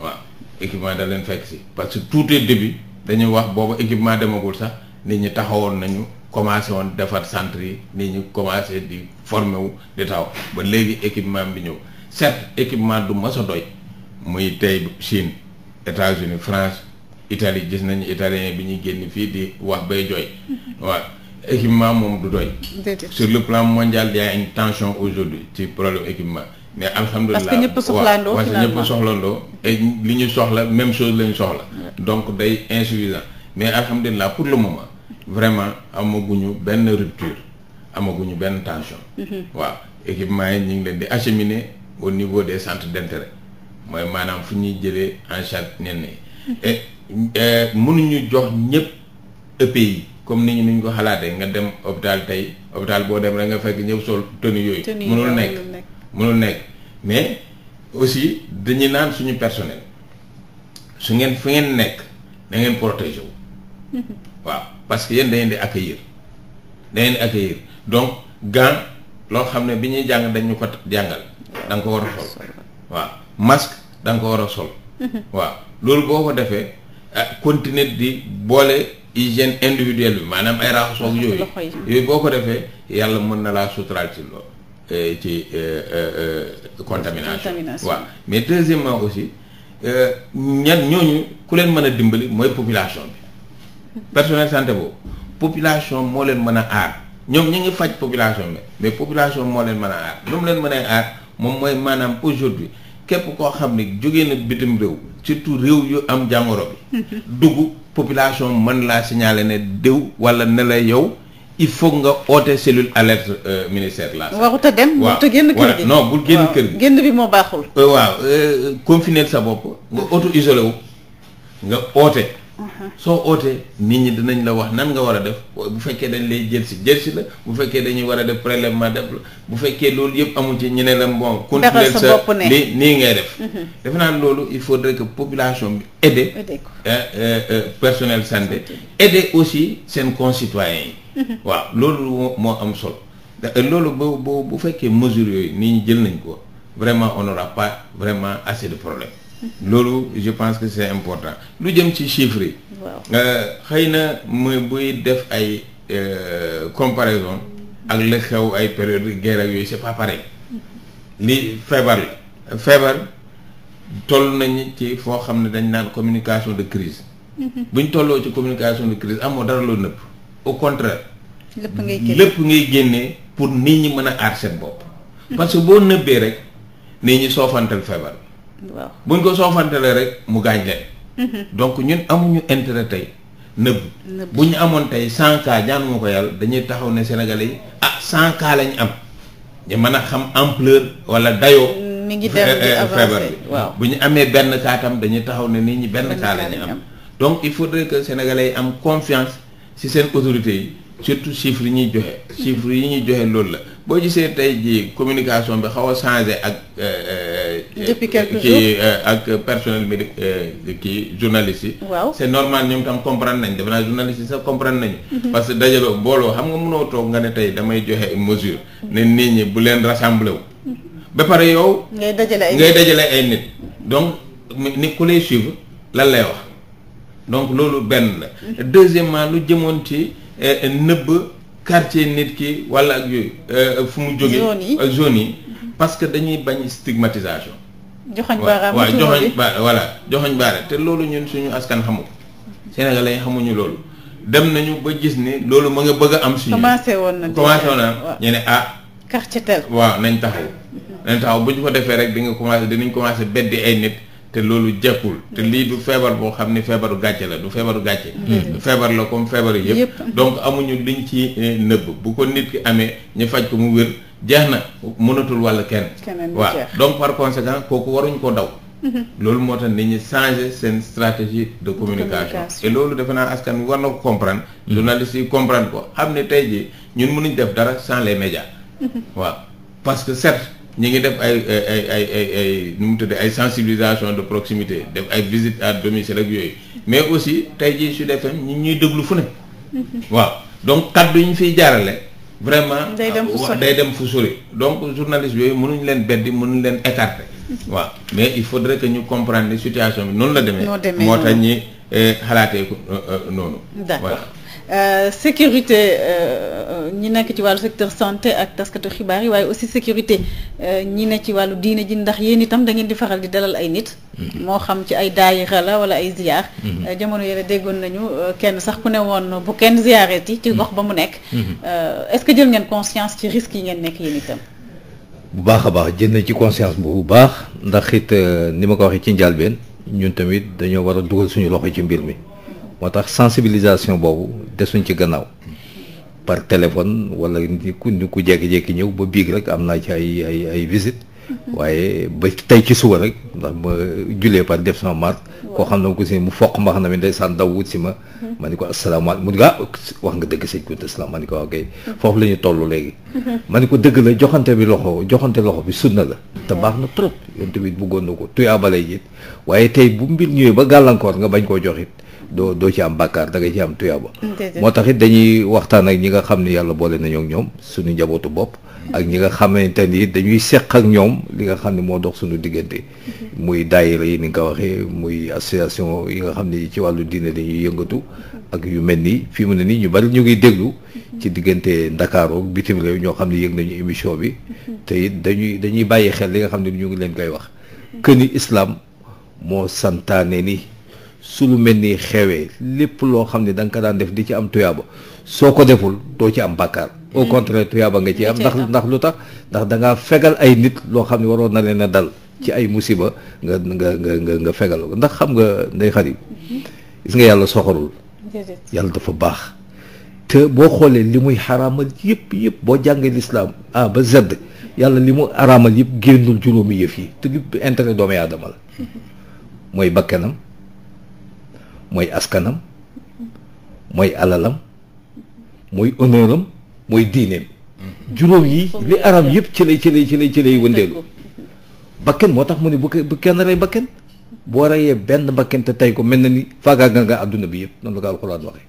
waaw équipement daf leen fekk si parce que tout est début dañuy wax boobu équipement demagul sax nit ñu taxawoon nañu commencé woon defar centre yi nit ñu commencé di former wu di taw ba léegi équipement bi ñëw certes équipement du mas a doy muy tey Chine États-Unis France Italie gis nañu italien bi ñuy génn fii di wax bay jooy mm-hmm. waaw équipement moom du doy. sur le plan mondial il y a une tension aujourd'hui ci problème équipement. mais alhamdulilah parce que ñëpp soxlaandoo parce que ñëpp soxlaandoo et li ñu soxla même chose la ñu soxla. donc day insuffisant mais alhamdulilah pour le moment vraiment amaguñu benn rupture amaguñu benn tension. Mhm. waaw équipement yi ñu ngi leen di acheminer au niveau des centres d'intérêt mooy maanaam fu ñuy jëlee en charge ñenn ñi. et mënuñu jox ñëpp EPI. comme nit ñi ni ñu ko xalaatee nga dem hôpital tey hôpital boo dem rek nga fekk ñëw sol tenue yooyu. mënul nekk mënul nekk mais aussi dañuy naan suñu personnel su ngeen fu ngeen nekk da ngeen protéger wu. waaw parce que yéen da di accueillir da ngeen di accueillir donc gant loo xam ne bi ñuy jàng dañ ñu ko jàngal. da nga ko war a sol waaw masque da ko war a sol. waaw loolu boo ko defee ah di boole. hygiène individuelle bi maanaam ay raxas ak yooyu yooyu boo ko defee yàlla mën na laa suturaal ci loolu euh, ci euh, euh, contamination waaw mais deuxièmement aussi ñan ñooñu ku leen mën a dimbali mooy population bi personnel santé boobu population moo leen mën a aar ñoom ñu ngi faj population bi mais population moo leen mën a aar lu leen mën a aar moom mooy maanaam aujourd'hui képp koo xam ne jógee na bitim réew surtout réew yu am jàngoro bi dugg population mën laa signaler ne déw wala ne la yow il faut nga oote cellule alerte euh, ministère la warut a dem warut a génn kër gi non bul génn kër bi moo baaxul euh, waaw euh, confiner sa bopp nga auto isolé nga oote soo ootee nit ñi dinañ la wax nan nga war a def bu fekkee dañ lay jël si si la bu fekkee dañuy war a def prélèvement def la bu fekkee loolu yëpp amu ci ñu ne la bon continuer sa li nii ngay def mhm. defe naa loolu il faudrait que population bi aider eh, eh, eh, personnel santé aider aussi seen concitoyens yi mhm. waaw loolu moo am solo loolu bu bu bu fekkee mesure yooyu nit ñi jël nañ ko vraiment on n'aura pas vraiment assez de problème loolu je pense que c'est important lu jëm ci chiffres yi. Euh, xëy na mooy buy def ay euh, comparaison ak la xew ay période guerre ak yooyu c'est pas pareil li feebar feebar toll nañ ci foo xam ne dañ naan communication de crise mhm. buñ tolloo ci communication de crise amoo dara loo nëpp au contraire. lépp ngay génne lépp ngay génnee pour nit ñi mën a aar seen bopp. parce que boo nëbbee rek nit ñi soofantal feebar. waaw buñ ko soofantelee rek mu gaañ leen. Mhm. donc ñun amuñu intérêt tey. nëbb bu ñu amoon tey cent cas ñaanu ko yàlla dañuy taxaw ne sénégale yi ah cent cas lañ am. ñu mën a xam ampleur wala dayoo. mi ngi dem di eh, eh, avancé waaw bu ñu amee benn cas dañuy taxaw ne nii ñi benn cas lañu am. donc il faudrait que sénégalais yi am confiance ci seen autorités yi surtout chiffres yi ñuy joxe. Mhm. chiffres yi ñuy joxe loolu la. boo gisee tey jii communication bi xaw a changé ak. Euh, euh, euh, depuis quelques jours kii ak personnel médic kii journaliste yi. waaw c'est normal ñoom tam comprend nañ defe naa journaliste yi sax comprendre nañu. Mhm. parce que dajaloo mbooloo xam nga mënoo toog nga ne tey damay joxe une mesure. ne nit ñi bu leen rassembler mhm. ba pare yow. ngay dajale ay nit ngay dajale ay nit. donc ni ku lay suivre lan lay wax donc loolu benn la. Mhm. deuxièmement lu jëmoon ci nëbb. quartier nit ki wala ak yooyu euh, fu mu jógee zone yi parce que dañuy bañ stigmatisation joxoñ baaraam waaw joxoñ baaraam voilà joxoñ baaraam te loolu ñun suñu askan xamu Sénégalais yi xamuñu loolu dem nañu ba gis ni loolu ma nga bëgg am suñu commencé woon na commencé woon ñu ne ah quartier tel waaw nañ taxaw nañ taxaw bu ñu ko defee rek di nga commencé dinañ commencé beddi ay nit te loolu jekkul te lii du feebar boo xam ne feebaru gàcce la du feebaru gàcce mm-hmm. Mm-hmm. feebar la comme feebar yëpp donc amuñu liñ ci eh, nëbb bu ko nit ki amee ñu faj ko mu wér jeex na mënatul wàll kenn waa donc par conséquent kooku waruñ ko daw mm-hmm. loolu moo tax nit ñi changer seen stratégie de communication et loolu defe naa askan war na ko comprendre journalistes yi comprendre ko xam ne tey jii ñun mënuñ def dara sans les médias waaw parce que ñu ngi def ay ay ay nu mu tuddee ay sensibilisation de proximité def ay visite à domicile ak yooyu mais aussi tey jii Sud FM ñi ñuy déglu fu ne. Mhm. waaw donc kaddu yi ñu fiy jaarale. vraiment day dem fu sori day dem fu donc journaliste yooyu mënuñ leen beddi mënuñ leen écarter. Mhm. waaw mais il faudrait que ñu comprendre ne situation bi noonu la demee. moo tax ñi eh, xalaatee ko euh, euh, noonu. d'accord Euh, sécurité euh, ñi nekk ci wàllu secteur santé ak taskatu xibaar yi waaye aussi sécurité euh, ñi ne ci wàllu diine ji ndax yéen itam da ngeen di faral di dalal ay nit. Mm-hmm. moo xam ci ay daayira la wala ay ziar. Mm-hmm. jamono yële déggoon nañu kenn sax ku ne woon bu kenn ziareet yi. ci gox ba mu nekk. Mm-hmm. est-ce que jël ngeen conscience ci risques yi ngeen nekk yéen itam. bu baax a baax jël nañ ci conscience bu baax ndax it ni ma ko waxee ci njëlbeen ñun tamit dañoo war a dugal suñu loxo ci mbir mi. moo tax sensibilisation boobu desuñ ci gannaaw par téléphone wala ni ku ni ku jékki-jékki ñëw ba biig rek am naa ci ay ay ay waaye ba tey ci suba rek ndax ma julee par def sama mar koo xam ne ko si mu foq mbaax na mi ndeysaan daw wut si ma ma ni ko asalaamaaleykum mu nga ah wax nga dëgg sëñ Kounta salaam ma ni ko waaw ah, kay foofu la ñu toll léegi ma ni ko dëgg la joxante bi loxo joxante loxo bi sunna la te baax na trop yoon tamit buggoon na ko tuyaa bale jiit waaye tey bu mbir ñëwee ba gàllankoor nga bañ koo joxit doo doo ci am bàkkaar da nga ci am tuyaaba moo tax it dañuy waxtaan ak ñi nga xam ne yàlla boole nañoo ak ñoom suñu njabootu bopp ak ñi nga xamante ni dañuy seq ak ñoom li nga xam ne moo dox suñu diggante mm-hmm. muy daayira yi ni nga ko waxee muy association yi nga xam ne ci wàllu diine dañuy yëngatu ak yu mel nii fi mu ne nii ñu bari ñu ngi déglu mm-hmm. ci diggante ndakaarook bitim réew ñoo xam ne yëg nañu émission bi mm-hmm. te it dañuy dañuy bàyyi xel li nga xam ne ñu ngi leen koy wax que ni islam moo santaane ni su lu mel ni xewee lépp loo xam ne danga ko daan def di ci am tuyaaba soo ko deful doo ci am bàkkaar au mm-hmm. contraire tuyaaba nga ci am ndax ndax lu tax ndax da fegal ay nit loo xam ne waroon na leen a dal ci ay musiba nga nga nga fegal ko ndax xam nga ndey xar yi gis nga yàlla soxorul yàlla dafa baax te boo xoolee li muy xaraamal yëpp yëpp boo jàngee lislaam ah ba zedd yàlla li mu araamal yëpp génnul juróomi yëf yi te lépp intérêt doomu aadama la mm-hmm. mooy bakkanam mooy askanam mooy alalam mooy honneuram mooy diineem juróom yi li arab yëpp ci lay ci lay ci lay ci lay wëndeelu bakken moo tax mu ne bu bu kenn rey bakken boo reyee benn bakken te tey ko mel na ni faagaagal nga àdduna bi yëpp noonu la ko alxuraan waxee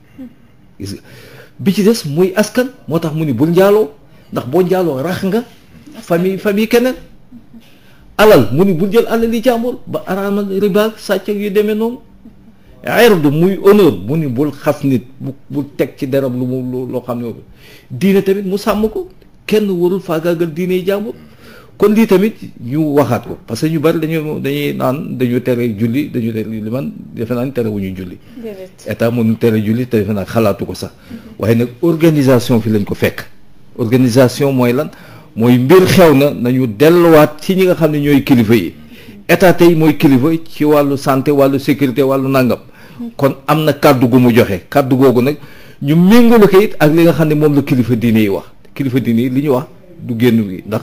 nga bi ci des muy askan moo tax mu ni bul ndax boo njaaloo rax nga famille famille keneen alal mu ni bul jël alal yi jàmbur ba araamal ribaag sàcc ak yu demee noonu irdu muy honneur mu ni bul xas nit bu bul teg ci deram lu mu loo xam ne diine tamit mu sàmm ko kenn warul faagaagal diine yi jàmbur kon lii tamit ñu waxaat ko parce que ñu bari dañu dañuy naan dañu tere julli dañu tere li man defe naa ni tere wu ñu julli état mënu tere julli te defe xalaatu ko sax waaye nag organisation fi lañ ko fekk organisation mooy lan mooy mbir xew na nañu delluwaat ci ñi nga xam ne ñooy kilifa yi état tey mooy kilifa ci wàllu santé wàllu sécurité wàllu nangam. kon am na kàddu gu mu joxe kàddu googu nag ñu méngale ak li nga xam ne moom la kilifa diine yi wax kilifa diine yi li ñu wax du génn gi ndax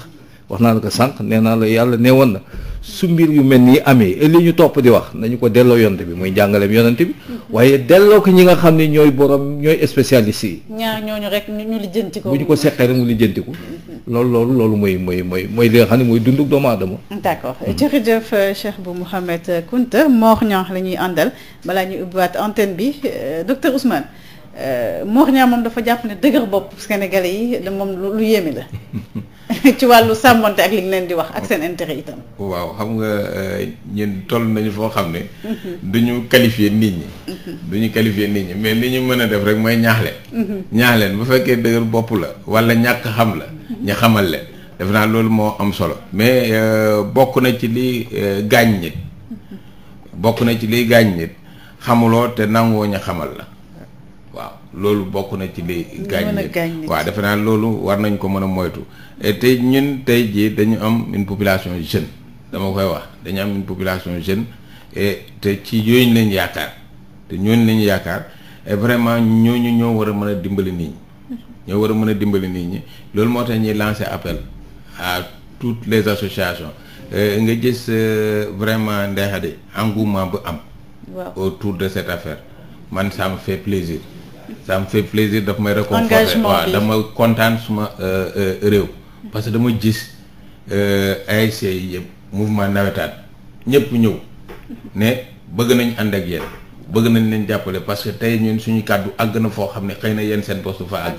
wax naa la ko sànq nee naa la yàlla nee woon na su mbir yu mel nii amee li ñu topp di wax nañu ko delloo yonent bi muy njàngaleem yonent bi mm-hmm. waaye delloo ko ñi nga xam ne ñooy borom ñooy spécialiste yi. ñaar ñooñu rek ñu lijjanti ko bu ñu ko seqee rek mu lijjanti mm-hmm. loolu loolu loolu mooy mooy mooy mooy li nga xam ne mooy dunduk doomu aadama. d'accord mm-hmm. jërëjëf euh, Cheikh bu Mouhamed Kounta Mor Niang la ñuy àndal balaa ñu ubbiwaat antenne bi euh, docteur Ousmane. Euh, Mor Niang moom dafa jàpp ne dëgër bopp Sénégalais yi moom lu yéeme ci wàllu sàmmante ak li ñu leen di wax ak seen intérêt itam. waaw xam nga euh, ñun toll nañu foo xam ne. Mhm. du ñu qualifier nit ñi. Mhm. ñu qualifier nit mais li ñu mën a def rek mooy mhm. ñaax leen. bu fekkee dëgër bopp la wala ñàkk xam la. ñu xamal leen def naa loolu moo am solo. mais euh, bokk na ci liy euh, gaañ nit. bokk na ci liy gaañ nit xamuloo te nangoo ñu xamal la. loolu bokk na ci li gaañ waa defe naa loolu war nañ ko mën a moytu et tey ñun tey jii dañu am une population jeune dama koy wax dañu am une population jeune te ci yooyu lañ yaakaar te ñooñu lañ yaakaar vraiment ñooñu ñoo war a mën a dimbali nit ñi ñoo war a mën a dimbali nii ñi loolu moo tax ñuy lancer appel a toutes les associations euh, nga gis euh, vraiment Ndeye Khady engouement bu am autour de cette affaire man ça me fait plaisir ça me fait plaisir daf may réconforter waaw dama kontaan suma euh, euh, réew parce que dama gis euh, ASC yi yëpp mouvement nawetaan ñëpp ñëw ne bëgg nañ ànd ak yéen bëgg nañ leen jàppale parce que tey ñun suñu kàddu àgg na foo xam ne xëy na yéen seen poste fa àgg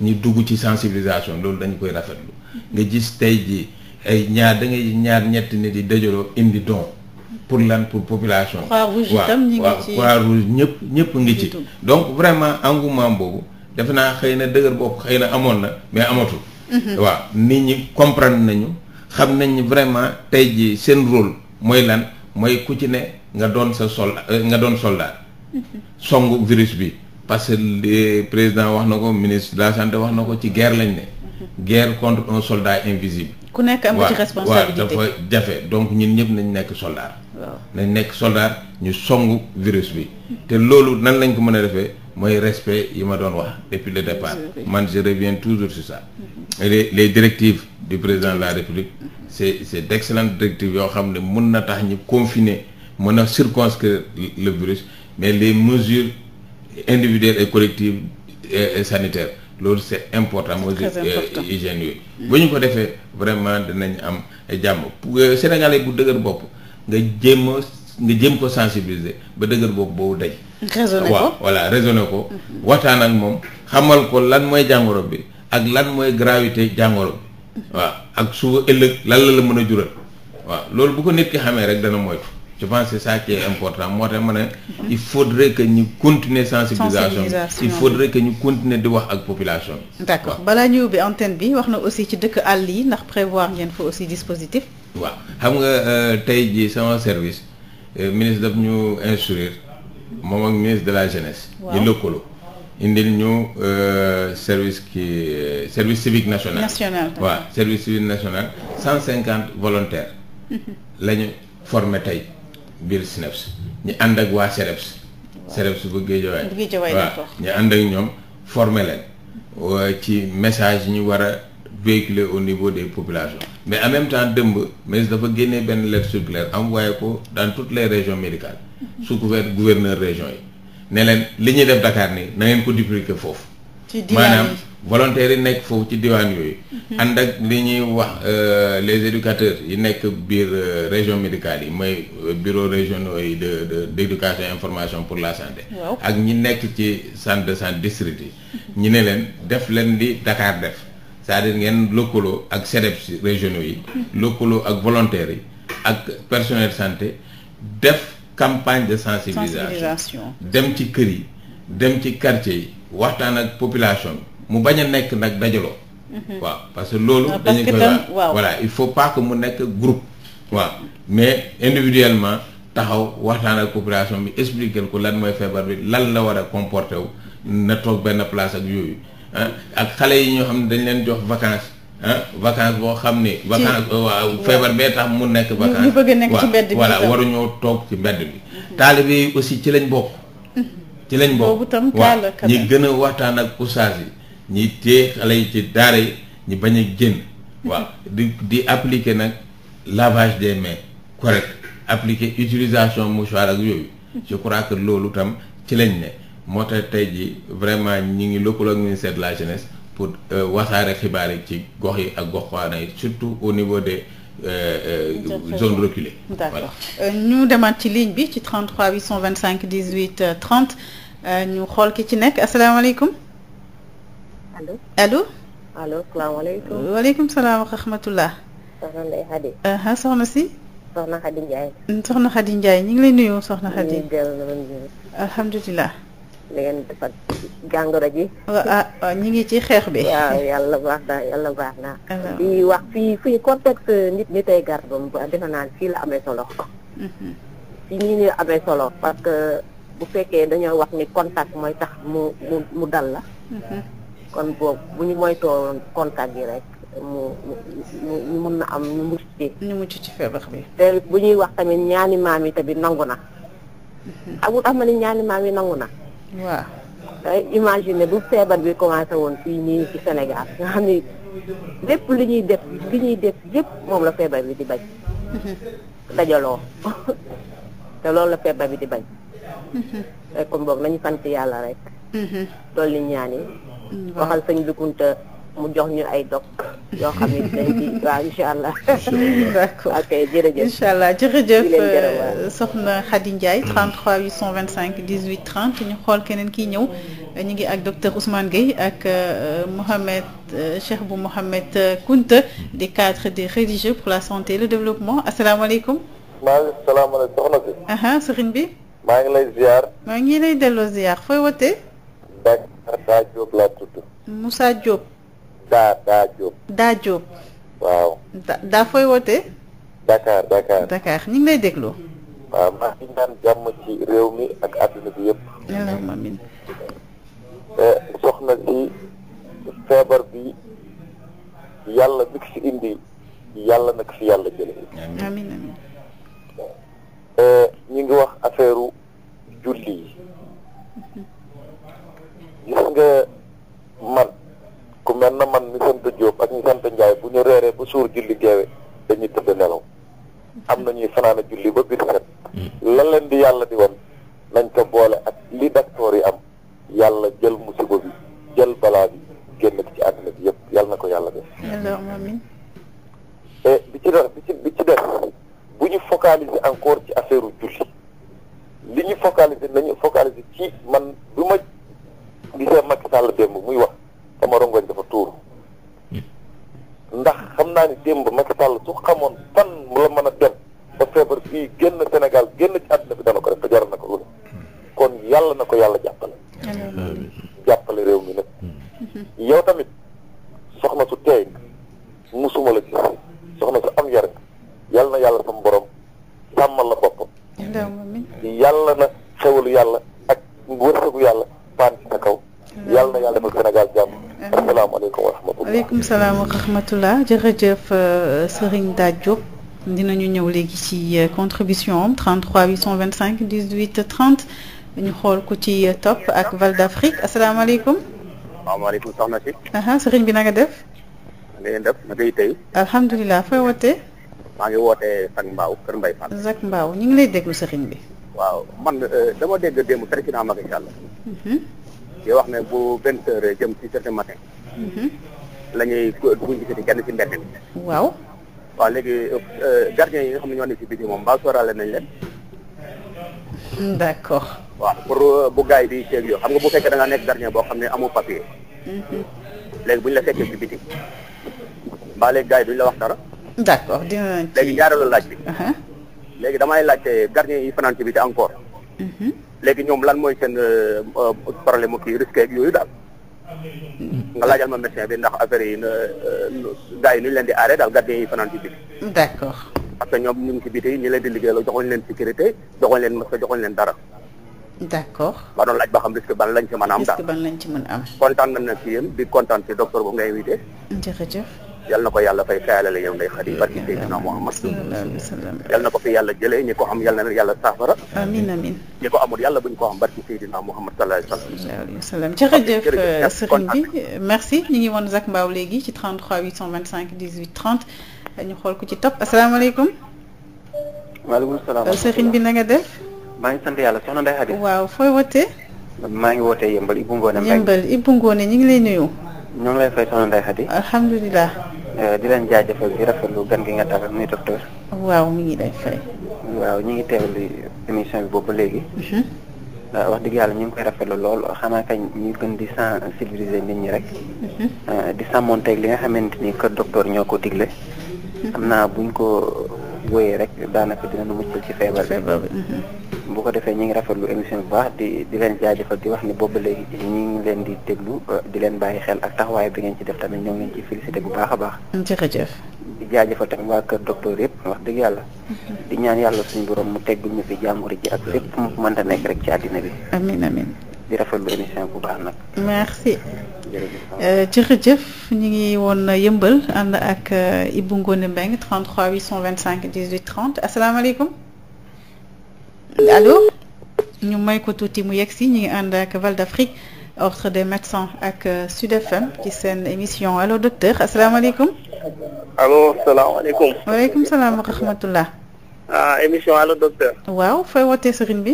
ñu dugg ci sensibilisation loolu dañ koy rafetlu nga gis tey ji ay ñaar da ñaar ñetti nit yi dajaloo indi don pour lan pour population. croix rouge itam waa ñëpp ñëpp ngi ci. donc vraiment engouement boobu defe naa xëy na dëgër bopp xëy na amoon na mais amatul. Mhm. waaw nit ñi comprendre nañu xam nañ ni vraiment tey jii seen rôle mooy lan mooy ku nga doon sa soldat euh, nga doon soldat. Mhm. songu virus bi parce que président wax na ko ministre de la wax na ko ci guerre lañ ne. Mhm. guerre contre un soldat invisible. ku nekk am ci responsabilité dafa jafe donc ñun ñëpp nañ nekk soldat. nañ nekk soldat ñu songu virus bi. te loolu nan lañ ko mën a defee mooy respect yi ma doon wax depuis le départ. man je bien toujours su sax les les directives du président de la république. c'est c'est d'excellentes directives yoo xam ne mën na tax ñu confiner mën a circonscrire le virus mais les mesures individuelles et collectives et sanitaires loolu c'est important mesures euh, hygiène yooyu mm. bu ñu ko defee vraiment dinañ am jàmm euh, Sénégalais bu dëgër bopp nga jéem a nga jëm ko sensibiliser ba dëgër boobu boobu day raisonné ko waaw voilà raisonné ko. waxtaan ak moom xamal ko lan mooy jàngoro bi ak lan mooy gravité jàngoro bi. waaw ak su ëllëg lan la la mën a jural. waaw loolu bu ko nit ki xamee rek dana moytu. je pense que c'est ça important moo tax ma ne. il faudrait que ñu continuer sensibilisation il faudrait ñu continuer di wax ak population bi. d'accord balaa ñu ubbi antenne bi wax na aussi ci dëkk àll yi ndax prévoir ngeen fa aussi dispositif. waaw xam nga euh, tey jii sama service euh, ministre daf ñu instruire moom ak ministre de la jeunesse. ñu lëkkaloo indil ñu euh, service qui service civique national. waa waaw service civique national cent cinquante volontaires. lañu ñu tey biir SNEPS ñu ànd ak waa CEREPS. CEREPS bu Guédiawaye waaw ñu ànd ak ñoom formé leen ci message ñu war véhiculé au niveau des populations mais en même temps dëmb ministre dafa génnee benn lettre circulaire envoyé ko dans toutes les régions médicales sous couvert région yi ne leen li ñuy def Dakar ni nangeen ko dupliquer foofu maanaam volontaires nekk foofu ci diwaan yooyu mhm. ànd ak li ñuy wax euh, les éducateurs yi nekk biir euh, région médicale yi mooy euh, bureau régionaux yi de de d'éducation information pour la santé ak ñi nekk ci centre de santé district yi mhm. ñi ne leen def leen di Dakar def c'est-à-dire ngeen lëkkaloo ak CDEPS régionaux yi. lëkkaloo ak volontaires yi ak personnel santé def campagne de sensibilisation dem ci kër yi dem ci quartier yi waxtaan ak population mu bañ a nekk nag dajaloo. Mhm. waaw parce que loolu. dañu koy waaw il faut pas mu nekk groupe. waaw mais individuellement taxaw waxtaan ak population bi expliquer ko lan mooy feebar bi lan la war a comporter wu na benn place ak yooyu. ak xale yi ñoo xam ne dañ leen jox vacances ah vacance boo xam ni vacance euh, waaw feebar bee tax mu nekk vacance ñu bëgg a nekk ci mbedd bi voilà waruñoo toog ci mbedd bi mm-hmm. taalibe yi aussi ci lañ bokk mm-hmm. ci lañ bokk waaw ñi gën a waxtaan ak oustaz yi ñi téye xale yi ci daara yi ñi bañ a génn mm-hmm. waaw di di appliquer nag lavage des mais correct appliquer utilisation mouchoir ak yooyu je crois loolu tam ci lañ ne moo tax tey jii vraiment ñi ngi lëkkaloo ak ministère de la jeunesse pour euh, wasaare xibaar yi ci gox yi ak goxuwaana yi surtout au niveau des. Euh, euh, zone reculée. D'accord euh, ñu demaat ci ligne bi ci cinq 825 18 30 ñu xool ki ci nekk asalaamaaleykum. allo allo. allo salaamaaleykum. waaleykum salaam wa rahmatullah. soxna Ndeye Khady. Uh-huh, soxna si. soxna Khady Ndiaye. soxna Khady Ndiaye ñu ngi lay nuyoo soxna Khady. ñu ngi ngeen defar jàngoro ji. ah ñu ngi ci xeex bi. waaw yàlla baax na yàlla baax na. di wax fii fii contexte nit ñi tey gardam ba defe naa fii la amee solo. Mhm. fii nii ñu amee solo parce que bu fekkee dañoo wax ni contact mooy tax mu mu mu dal la. Mhm. kon boobu bu ñu moytoo contact yi rek. mu mu mu mun na am ñu mujj ci. ñu ci feebar bi. te bu ñuy wax tamit ñaani maam yi tamit nangu na. Mhm. amul am na ni ñaani maam yi nangu na. waaw tey imaginer bu feebar bi commencé woon fii nii ci Sénégal nga xam ni lépp li ñuy def li ñuy def yëpp moom la feebar bi di bañ. Mm-hmm. dajaloo te loolu la feebar bi di bañ. Mm-hmm. te kon boog nañu sant yàlla rek. Mm-hmm. dolli ñaan yi. waxal sëñ bi Kunta mu jox ñu ay dog yoo xam ne dañ ci waaw incha allah. d' accord ok jërëjëf incha allah jërëjëf euh, soxna Khady Ndiaye 33 mm. ñu xool keneen ki ñëw ñu ngi ak docteur Ousmane Gueye ak euh, Mohamed euh, Cheikh bu Mohamed Kounta des cadres des religieux pour la santé le développement asalaamaaleykum. maaleykum salaam soxna si. sëriñ bi. maa ngi lay ziar. maa ngi fooy wootee. Dakar Moussa daa daa Diop. daa Diop. waaw. da daa fooy wootee. Dakar Dakar. Dakar ñu ngi lay déglu. waaw maa ngi ñaan jàmm ci réew mi ak àdduna bi yëpp. allahumma amiin. Eh, soxna ci feebar bi yàlla mi fi indi yàlla nag fi yàlla jële amiin amiin. Eh, ñu ngi wax affaire julli yi. Mhm. gis nga man. ku mel na man mi sant Diop ak ñi sant Ndiaye bu ñu reeree ba suur julli geewe dañuy tëdd nelaw am na ñuy fanaana julli ba biir set mm. la leen di yàlla di wan nañ ko boole ak li docteur yi am yàlla jël musiba bi jël balaa bi génn ci àddina bi yëpp yàlla na ko yàlla def e, bi ci def bi ci bi ci def bu ñu focaliser encore ci affaire u julli li ñu focaliser nañu focaliser ci man bi ma gisee Macky Sall démb muy wax sama rongoñ dafa tuuru ndax xam naa ni démb Macky Sall su xamoon fan la mën a dem ba feebar fii génn senegal génn ci àdduna bi dana ko def te jaral na ko lu kon yàlla na ko yàlla jàppale jàppale réew mi hmm. yow tamit salaam wa rahmatullah jërëjëf euh, Serigne Dath Diop dinañu ñëw léegi ci euh, contribution vingt 33 825 18 30 ñu xool ku ci topp ak Val d'Afrique asalaamaaleykum. waaw maaleykum soxna si. Serigne bi na nga def. na ngeen def na ngay tey. alhamdulilah fooy wootee. maa ngi wootee Zak Mbaaw Kër Mbaye Fall. Zak Mbaaw ñu ngi lay déglu Serigne bi. waaw man euh, dama dégg démb président Macky Sall. Mhm. di wax ne bu 20 heures jëm ci 7 matin. Mhm. la ñuy duñ gisati kenn ci mbedd mi. waaw. waaw léegi euh, gardien yi nga xam ne ñoo nekk ci biti moom mbaa sóoraale nañ leen. d' waaw pour euh, bu gaay bi ceeb yoo xam nga bu fekkee da nga nekk gardien boo xam ne amoo papier. Mm-hmm. léegi bu la fekkee ci biti. mbaa léegi gars duñ la wax dara. d' accord léegi ñaareelu laaj bi. Uh-huh. léegi damay laajte gardien yi fanaan ci biti encore. Mm-hmm. léegi ñoom lan mooy seen euh, problème mu kii yooyu daal. nga laajal ma médecin bi ndax affaire yi euh, gars yi nu leen di aaree daal gardien yi fanaan ci biti. d'accord. parce que ñoom ñu ngi ci biti ñi leen di liggéeyaloo joxuñ leen sécurité joxuñ leen masque joxuñ leen dara. d'accord. ma doon laaj ba xam risque ban lañ ci mën a am daal risque ban lañ ci mën am. kontaan na ci yéen di kontaan ci docteur boobu ngay invité. jërëjëf. yal na ko yàlla fay xayalale yow Ndeye Khady barki Seydina Muhammad yal na ko fi yàlla jëlee ñi ko xam yal na yàlla saafara amin amin ñi ko amul yàlla buñ ko xam barki Seydina Muhammad sallallahu alayhi wa sallam jërëjëf sëriñ euh, bi merci ñu ngi woon Zac Mbao léegi ci 33 825 18 30 ñu xool ko ci topp asalaamaaleykum waaleykum salaam euh, sëriñ bi na nga def maa ngi sant yàlla soxna Ndeye Khady waaw fooy wootee maa ngi wootee yëmbal Ibou Ngone yëmbal Ibou Ngone ñu ngi lay nuyu ñu ngi lay fay soxna Ndeye Khady. alhamdulilah. Eh, di leen jaajëfal di rafetlu gan gi nga dalal muy docteur. waaw mi ngi lay fay. waaw ñu ngi teewlu émission bi boobu léegi. Mhm. Eh, wax dëgg yàlla ñu ngi koy rafetlu lool xanaa kañ ñu gën di sensibiliser nit ñi rek. Mhm. Eh, di sàmmonteeg li nga xamante ni kër docteur ñoo ko digle. Mhm. xam naa buñ ko wéyee rek daanaka dinañu muccal ci feebar bi mm-hmm. bu ko defee ñu ngi rafetlu émission bu baax di di leen jaajëfal di wax ni boobu léegi ñu ngi leen di déglu euh, di leen bàyyi xel ak taxawaay bi ngeen ci def tamit ñoo ngi fi ci félicité bu baax a baax jërëjëf di jaajëfal tamit waa kër docteur yëpp wax dëgg yàlla mm-hmm. di ñaan yàlla suñu boroom mu teggu ñu fi jàngoro ji ak lépp mu mënta nekk rek ci àddina bi amiin amiin di rafet rafetlu émission bu baax nag merci Euh, jërëjëf ñu ngi woon yëmbal ànd ak euh, Ibou Ngone Mbengue 33 825 18 30 asalaamaaleykum allo ñu may ko tuuti mu yegg si ñu ngi ànd ak Val d'Afrique ordre des médecins ak euh, Sud FM ci seen émission allo docteur asalaamaaleykum. allo salaamaaleykum. waaleykum salaam wa ah, émission allo docteur. waaw fooy wootee sëriñ bi.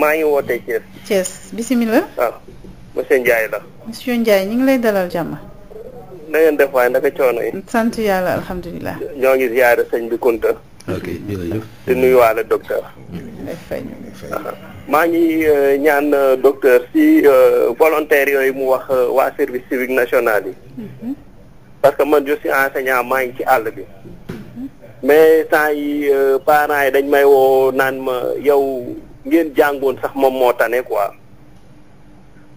maa ngi wootee Thiès. Thiès bisimilah. waaw. Ah. monsieur Ndiaye la. monsieur Ndiaye ñi ngi lay dalal jàmm. na def waaye naka coono yi. sant yàlla alhamdulilah. ñoo ngi ziare sëñ bi Kunta. ok jërëjëf. di nuyuwaale maa ngi euh, ñaan euh, docteur si euh, volontaire yooyu mu wax waa service civique nationale yi. Mhm. parce que man je suis enseignant maa ngi ci àll bi. Mhm. mais temps yi parents yi dañ may woo naan ma yow ngeen jàngoon sax moom moo tane quoi.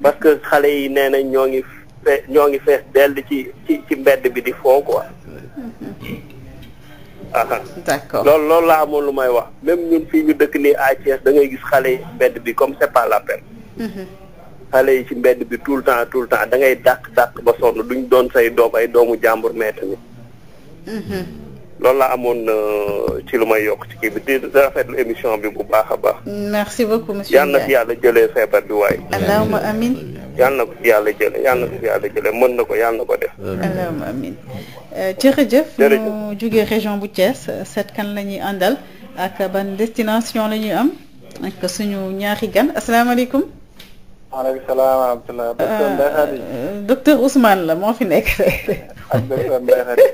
parce que xale yi nee na ñoo ngi fe ñoo ngi fees dell ci ci ci mbedd bi di foo quoi. d'accord loolu loolu laa amoon lu may wax même ñun fii ñu dëkk nii à Thiès da ngay gis xale yi mbedd bi comme c'est pas la peine. Mm-hmm. xale yi ci mbedd bi tout le temps tout le temps da ngay dàq dàq ba sonn duñ doon say doom ay doomu jàmbur mais tamit. loolu laa amoon euh, ci lu may yokk ci kii bi di rafetlu émission bi bu baax a baax. merci beaucoup monsieur Ndiaye yal na fi yàlla jëlee feebar bi waaye. ma amin yal na ko fi yàlla jëlee yal na ko fi yàlla jëlee mën na ko yal na ko def. allahumma amin euh, jërëjëf ñu jugee région bu Thiès seet kan la ñuy àndal ak ban destination la am ak suñu ñaari gan asalaamaaleykum. maaleykum salaam wa rahmatulah. docteur Ndeye euh, euh, la moo fi nekk rek. ak docteur Ndeye Khady.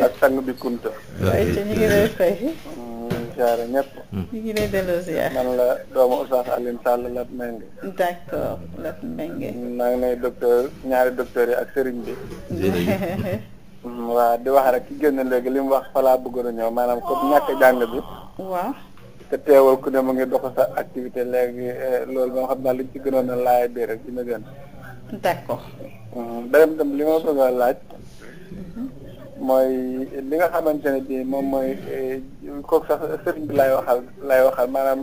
ak sang bi Kunta. waaye ñu ngi lay fay. Mm, ziare ñëpp. Hmm. ngi lay delloo ziare. man la doomu Oustaz Alioune Sall Lat Mbengue. d' Lat Mbengue. Mm, maa ngi lay ñaari docteurs yi ak sëriñ bi. Mm, waaw di wax rek ki génn léegi li wax fa laa bëggoon ñëw maanaam comme ñàkk jàng bi. waaw. te teewal ku ne mu ngi dox sa activité léegi eh, loolu moom xam naa luñ ci gënoon a laaj bi rek dina gën. d' accord. Hmm, beneen tam li ma bëgg a laaj. mooy li nga xamante ne bii moom mooy eh, kooku sax sëriñ bi laay waxal laay waxal maanaam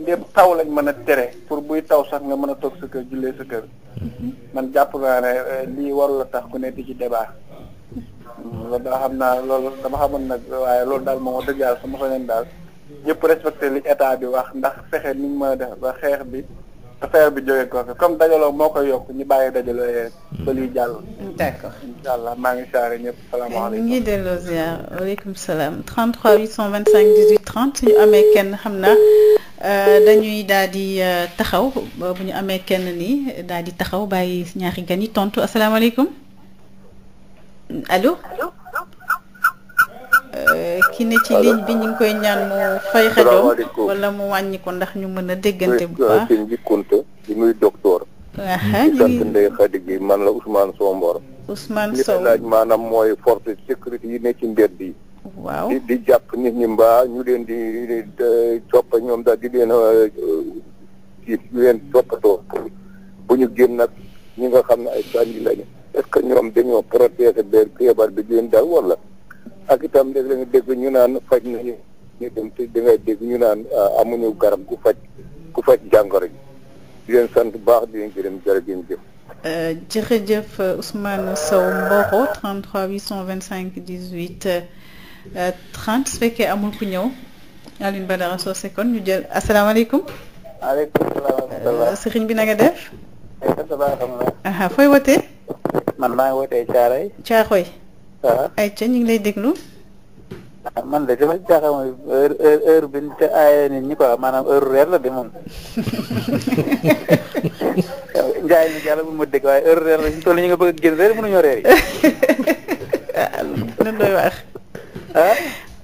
ndéem taw lañ mën a tere pour buy taw sax nga mën a toog sa kër jullee sa kër. Mhm. man jàpp naa ne eh, lii warul a tax ku ne di ci débat. Mhm. Hmm, loolu daa xam naa loolu dama xamoon nag waaye loolu daal moom wax dëgg yàlla sama xoolee daal. ñëpp respecté li état bi wax ndax fexe ni moo mën def ba xeex bi affaire bi jógee ko fi comme dajaloo moo koy yokk ñu bàyyi dajaloo yee mm. ba luy jàll. d'accord incha allah maa ngi saare ñëpp salaamaaleykum. ñu ngi delloo ziar waaleykum vingt 33 825 18 30 suñu amee kenn xam na euh, dañuy daal di euh, taxaw bu ñu amee kenn nii daal di taxaw bàyyi ñaari gan yi tontu asalaamaaleykum allo. allo Euh, ki ne ci ligne bi ñu ngi koy ñaan mu fay xajoom wala mu wàññi ko ndax ñu mën a déggante bu baax euh, seen jikkunte di muy docteur di sant ndey xadi man la Ousmane Sow Mbor Ousmane Sow laaj maanaam mooy force sécurité yi ne ci mbedd yi waaw di di jàpp nit ñi mbaa ñu leen di coppa ñoom daal di leen euh, bu ñu génn nag ñi nga xam ne ay sànni lañu est-ce que ñoom dañoo protéger benn feebar bi leen dal wala ak itam léeg la nga dégg ñu naan faj nañu ñu ñu naan euh, amuñu garab gu faj ku faj jàngoro ji di leen sant baax di leen gërëm jërë ngeen jëf. Euh, jërëjëf euh, Ousmane Sow Mboro 33 825 18 30 su fekkee amul ku ñëw Alioune Badara Socé kon ñu jël asalaamaaleykum. maaleykum bi na nga def. Eh, fooy wootee. man maa ngi wootee Thiaroye. waaw ayca ñu ngi lay déglu. Ah, man de dama jaaxal mooy heure heure heure bi te aayee nit ñi quoi maanaam heure reer la de moom. Ndiaye nag yàlla bu ma dégg waaye heure reer la ñu toll ñu nga bëgg a génn reer mënuñoo reer yi. Ah, dina doy waar. ah.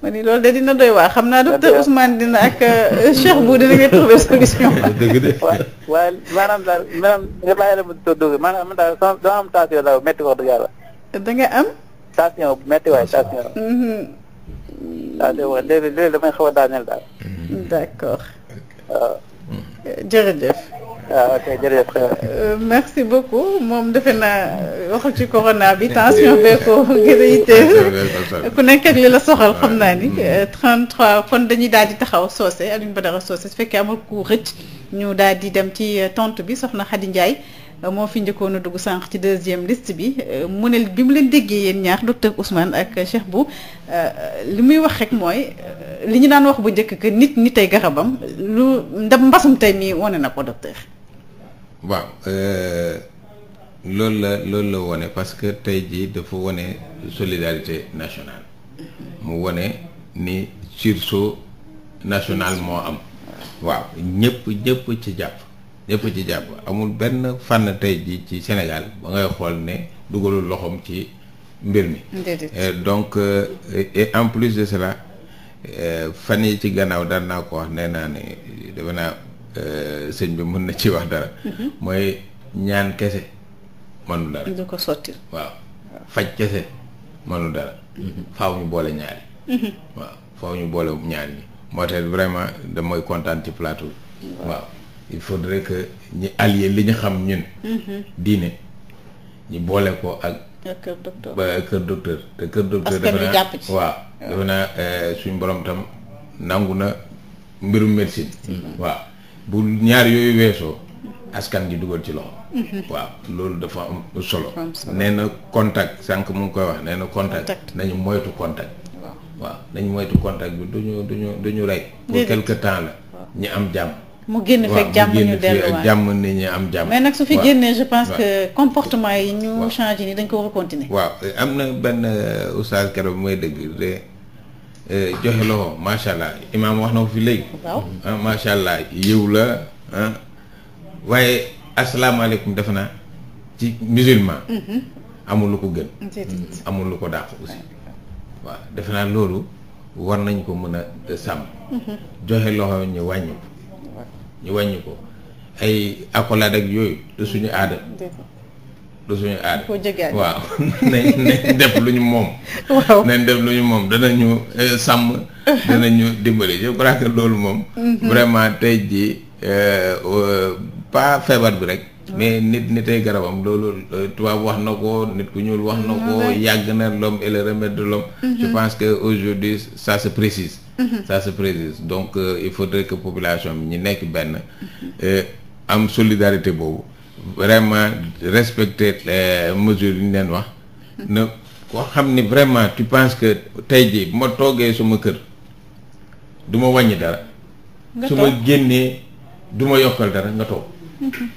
ma ni loolu de dina doy waar xam naa docteur Ousmane dina ak euh, Cheikh Bou dina nga trouver solution. maanaam daal maanaam nga bàyyi la ma doog maanaam daal sama dama am tension daaw métti wax yàlla. am. station bu métti waay station. station xaw a daaneel daal. d'accord. waaw. jërëjëf. waaw merci beaucoup moom defe naa waxul ci corona bi tension bee ko gën a yitteel ku nekk ak li la soxal xam naa ni. 33 kon dañuy daal di taxaw soose Alioune Badara Socé su fekkee amul ku rëcc ñu daal di dem ci tontu bi soxna Khady Ndiaye. Euh, moo fi njëkkoon a dugg sànq ci deuxième liste bi euh, mu ne bi mu leen déggee yéen ñaar docteur Ousmane ak Cheikh Bou euh, li muy wax rek mooy li ñu daan wax bu njëkk que nit ñi tey garabam lu ndax mbasum tey mii wane na ko docteur. waaw loolu la loolu la wone parce que tey jii dafa wane solidarité nationale. mu wane ni sursaut national moo am. waaw ñëpp ñëpp ci jàpp. ñëpp ci jàpp amul benn fànn tey ji ci Sénégal ba ngay xool ne dugalul loxoom ci mbir mi euh, donc euh, et en plus de cela euh, fan yi ci gannaaw daan naa ko wax nee naa ne defe naa sëñ bi mën na ci wax dara mhm. mooy ñaan kese mënu dara ko sotti waaw faj kese mënu dara mhm. faaw ñu boole ñaari mhm. waaw faaw ñu boole ñaar ñi moo tax vraiment damay kontaan ci plateau waaw il faudrait que ñi allier li ñu xam ñun. Mhm. diine ñu boole ko ak. kër docteur kër docteur. te kër docteur defe naa jàpp ci waaw euh, suñ borom tam nangu na mbirum médecine. Mhm. waaw bu ñaar yooyu weesoo. Mhm. askan gi dugal ci loxo. waaw loolu dafa am solo. nee na contact sànq mu ngi koy wax nee na contact. nañu moytu contact. nañu moytu contact bi duñu duñu duñu rey. pour quelque temps la. ñu am jàmm. mu génn fekk jàmm ñu delluwaat jàmm nit ñu am jàmm. mais nag su fi génnee je pense que comportement yi ñu changé ni dañ ko war a waaw am na benn euh, oustaz keroog mooy dëgg de euh, joxe loxo macha allah imaam wax na ko fi léegi. waaw ah, macha allah yiw la ah. waaye asalaamaaleykum defe naa ci musulman. Mhm. amul lu ko gën. Mm-hmm. amul lu ko dàq aussi. waaw defe naa loolu war nañ ko mën a sàmm. Mhm. joxe loxo ñu wàññi. ñu wàññi ko ay accolade ak yooyu du suñu aada. du suñu aada waaw nañ nañ def lu ñu moom. waaw nañ def lu ñu moom danañu euh, sàmm. danañu dimbali je crois que loolu moom. Mhm. vraiment tey jii euh, pas feebar bi rek. mais nit nit ay garabam loolu euh, tubaab wax na ko nit ku ñuul wax na ko yàgg na l'homme et le remède de mhm. je pense que aujourd'hui saa se précise. Mm-hmm. ça se précise donc euh, il faut que population bi ñu nekk benn euh, am solidarité boobu vraiment respecter mesures yi ñu leen wax na koo xam ni vraiment tu pense que tey jii bu ma toogee suma kër du ma wàññi dara su ma génnee du ma yokkal dara nga toog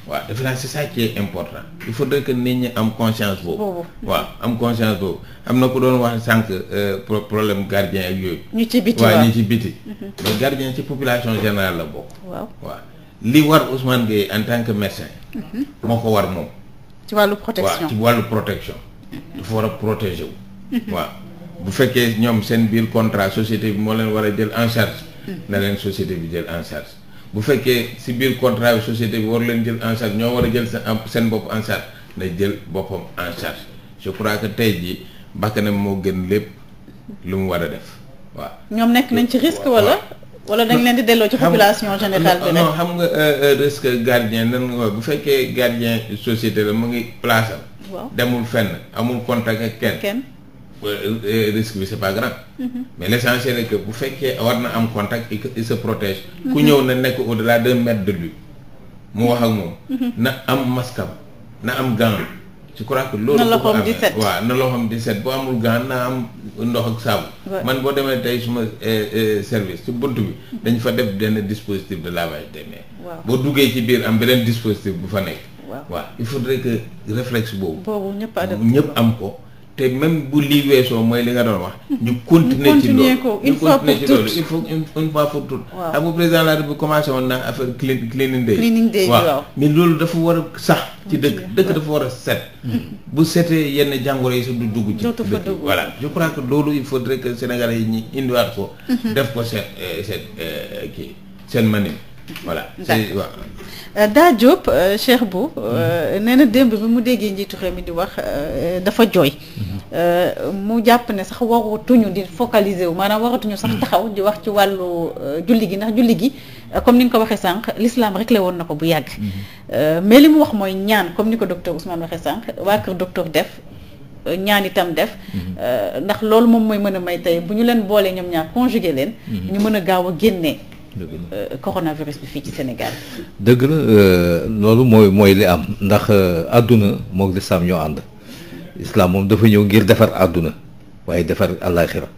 waaw defe naa c'est important il faudrait que nit ñi am conscience boobu waaw am conscience boobu am na ko doon wax sànq euh, problème gardien ak yooyu ñu ci biti waaw ñu ci biti mhm. mais gardien ci population générale la bokk waaw waaw li war Ousmane Gueye en tant que médecin mhm. moo ko war moom ci wàllu protection waaw ci wàllu protection dafa war a protéger wu mhm. waaw bu fekkee ñoom seen biir contrat société bi moo leen war a jël en charge na leen société bi jël en charge bu fekkee si biir contrat bi société bi war leen jël en ñoo war a jël seen bopp en charge jël boppam en charge je crois que tey jii bakkanam moo gën lépp lu mu war a def waaw. ñoom nekk nañ ci risque wala. wala dañ leen di delloo ci population générale bi non xam nga euh, euh, risque gardien nan nga bu fekkee gardien société la mu ngi place am. demul fenn amul contact ak kenn. Eh, risque bi c'est pas grave. Mhm. mais l'essentiel est bu fekkee war na am contact il se protège. ku ñëw na nekk au delà d'un mètre de lui mu wax ak moom. Mhm. na am maskam na am gant. je crois loolu. na loxoom di set waaw na loxoom di amul gant na am ndox ak saabu. man boo demee tey suma eh, eh, service ci bunt bi. Mhm. dañ fa def benn dispositif de lavage des mains. boo duggee ci biir am beneen dispositif bu fa nekk. waaw il faudrait que réflexe boobu. boobu ñëpp am ko. te même bu lii weesoo mooy li nga doon wax. ñu continuer ci loolu ñu continuer ci loolu il faut une fois pour toutes. waaw xam nga président de la commencé woon naa affaire clean cleaning day. cleaning loolu dafa war sax. ci dëkk dëkk dafa war a set. Mm. bu setee yenn jàngoro yi sax du dugg. ci dëkk voilà je crois que loolu il faudrait que Sénégalais yi ñu indiwaat ko. Mm-hmm. def ko seen euh, seen euh, kii seen mani. voilà waaw. Euh, daa Diop euh, Cheikh Bou euh, nee na démb bi mu déggee njiitu réew mi di wax dafa jooy. Mhm. mu jàpp ne sax waratuñu di focaliser wu maanaam waratuñu sax mhm. taxaw di wax ci wàllu julli gi ndax julli gi comme ni nga ko waxee sànq lislaam rek la woon na ko bu yàgg. Mhm. mais li mu wax mooy ñaan comme ni ko docteur Ousmane waxee sànq waa kër docteur def. ñaan itam def ndax loolu moom mooy mën a may tey bu ñu leen boolee ñoom ñaar conjugué leen ñu mën a gaaw a génnee Euh, coronavirus bi fii ci Sénégal. dëgg la euh, loolu mooy mooy li am ndax euh, àdduna moog lislaam ñoo ànd islam moom dafa ñëw ngir defar àdduna waaye defar àllaaxira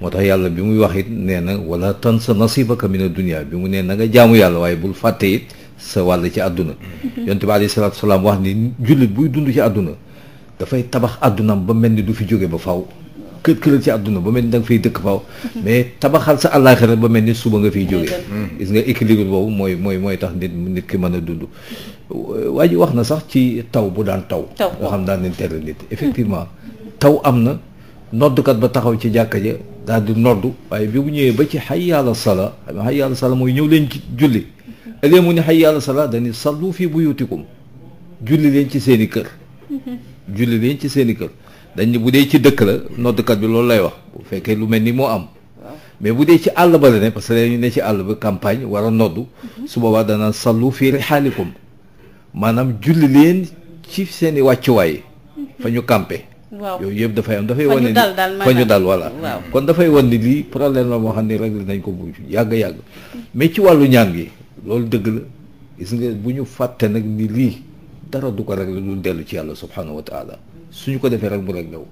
moo tax yàlla bi muy wax it nee na wala tansa nasibaka mina dunya bi mu nee na nga jaamu yàlla waaye bul fàtte it sa wàll ci àdduna mm-hmm. yonent bi alayhi salaatu wax ni jullit buy dund ci àdduna dafay tabax àddunaam ba mel ni du fi jóge ba faw kër këral ci àdduna ba mel ni da nga dëkk faaw mais tabaxal sa àllaaxira ba mel ni suba nga fiy jógee gis nga équilibre boobu mooy mooy mooy tax nit nit ki mën a dund waa ji wax na sax ci taw bu daan taw nga xam daan nañ tere nit effectivement taw am na noddukat ba taxaw ci jàkka ja daal di noddu waaye bi bu ñëwee ba ci xay yàlla sala hayya yàlla sala mooy ñëw leen ci julli ëllëg mu ne hayya ala sala dañuy sallu fii buyutikum julli leen ci seen i kër julli leen ci seen i kër dañ bu dee ci dëkk la noddukat bi loolu lay wax bu fekkee lu mel nii moo am mais bu dee ci àll ba la ne parce que dañu ne ci àll ba campagne war a nodd su boobaa danaan sallu fii rihaalikum maanaam julli leen ci seen i wàccuwaay fa ñu campé waaw yooyu yëpp dafay am dafay wane ni fa ñu dal voilà kon dafay wan ni lii problème la moo xam ne réglé nañ ko bu yàgg-yàgg mais ci wàllu ñaan gi loolu dëgg la gis nga bu ñu fàtte nag ni lii dara du ko réglé du dellu ci yàlla subhanahu wa taala su ñu ko defee rek mu rek ñëw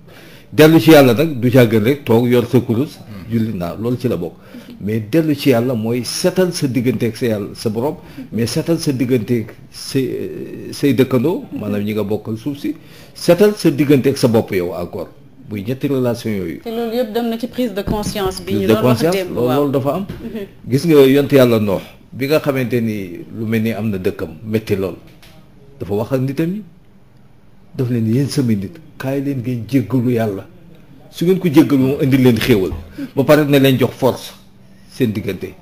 dellu ci yàlla nag du jàggal rek toog yor sa kurus hmm. julli naa loolu ci la bokk mais dellu ci yàlla mooy setal sa digganteeg sa yàlla sa borom mais setal sa digganteeg say euh, say dëkkandoo maanaam ñi nga bokkal suuf si setal sa digganteeg sa bopp yow encore bu ñetti relation yooyu. te loolu yëpp dem na ci prise de conscience. bi ñu doon wax démb waaw dafa am. Mhm. gis nga yont yàlla noox bi nga xamante ni lu mel ni am na dëkkam métti lool dafa waxal nitam ñi daf leen yéen samay nit kaay leen ngeen jéggalu yàlla su ngeen ko jéggalu moom indi leen xéewal ba pare ne leen jox force seen diggante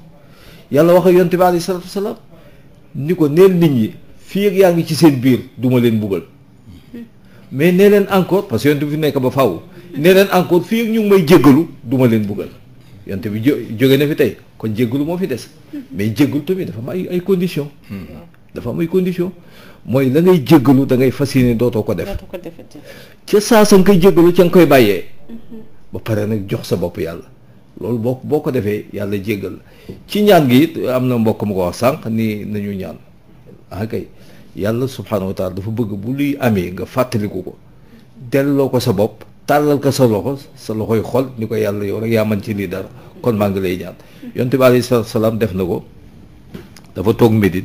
yàlla wax ak yonte bi alayhi salaatu wasalaam ni ko neel nit ñi fii ak yaa ngi ci seen biir duma leen buggal mais ne leen encore parce que yonte bi fi nekk ba faw nee leen encore fii ak ñu may jéggalu duma leen buggal yonte bi jo jóge na fi tey kon jéggalu moo fi des mais jéggalu tamit dafa am ay ay conditions. Hmm. dafa am ay conditions. mooy la ngay jéggalu dangay fas fas yéene dootoo ko def ca saa sa nga koy jéggalu ca nga koy bàyyee mm-hmm. ba pare nag jox sa bopp yàlla loolu boo boo ko defee yàlla jéggal ci ñaan gi it am na mbokk mu ko wax sànq ni nañu ñaan ah kay yàlla subhaanahu wa taala dafa bëgg bu luy amee nga fàttaliku ko delloo ko sa bopp tàllal ko sa loxo sa loxoy xol ni ko yàlla yow rek yaa man ci lii dara kon maa ngi lay ñaan mm-hmm. yonte bi alayhi salaam def na ko dafa toog Médine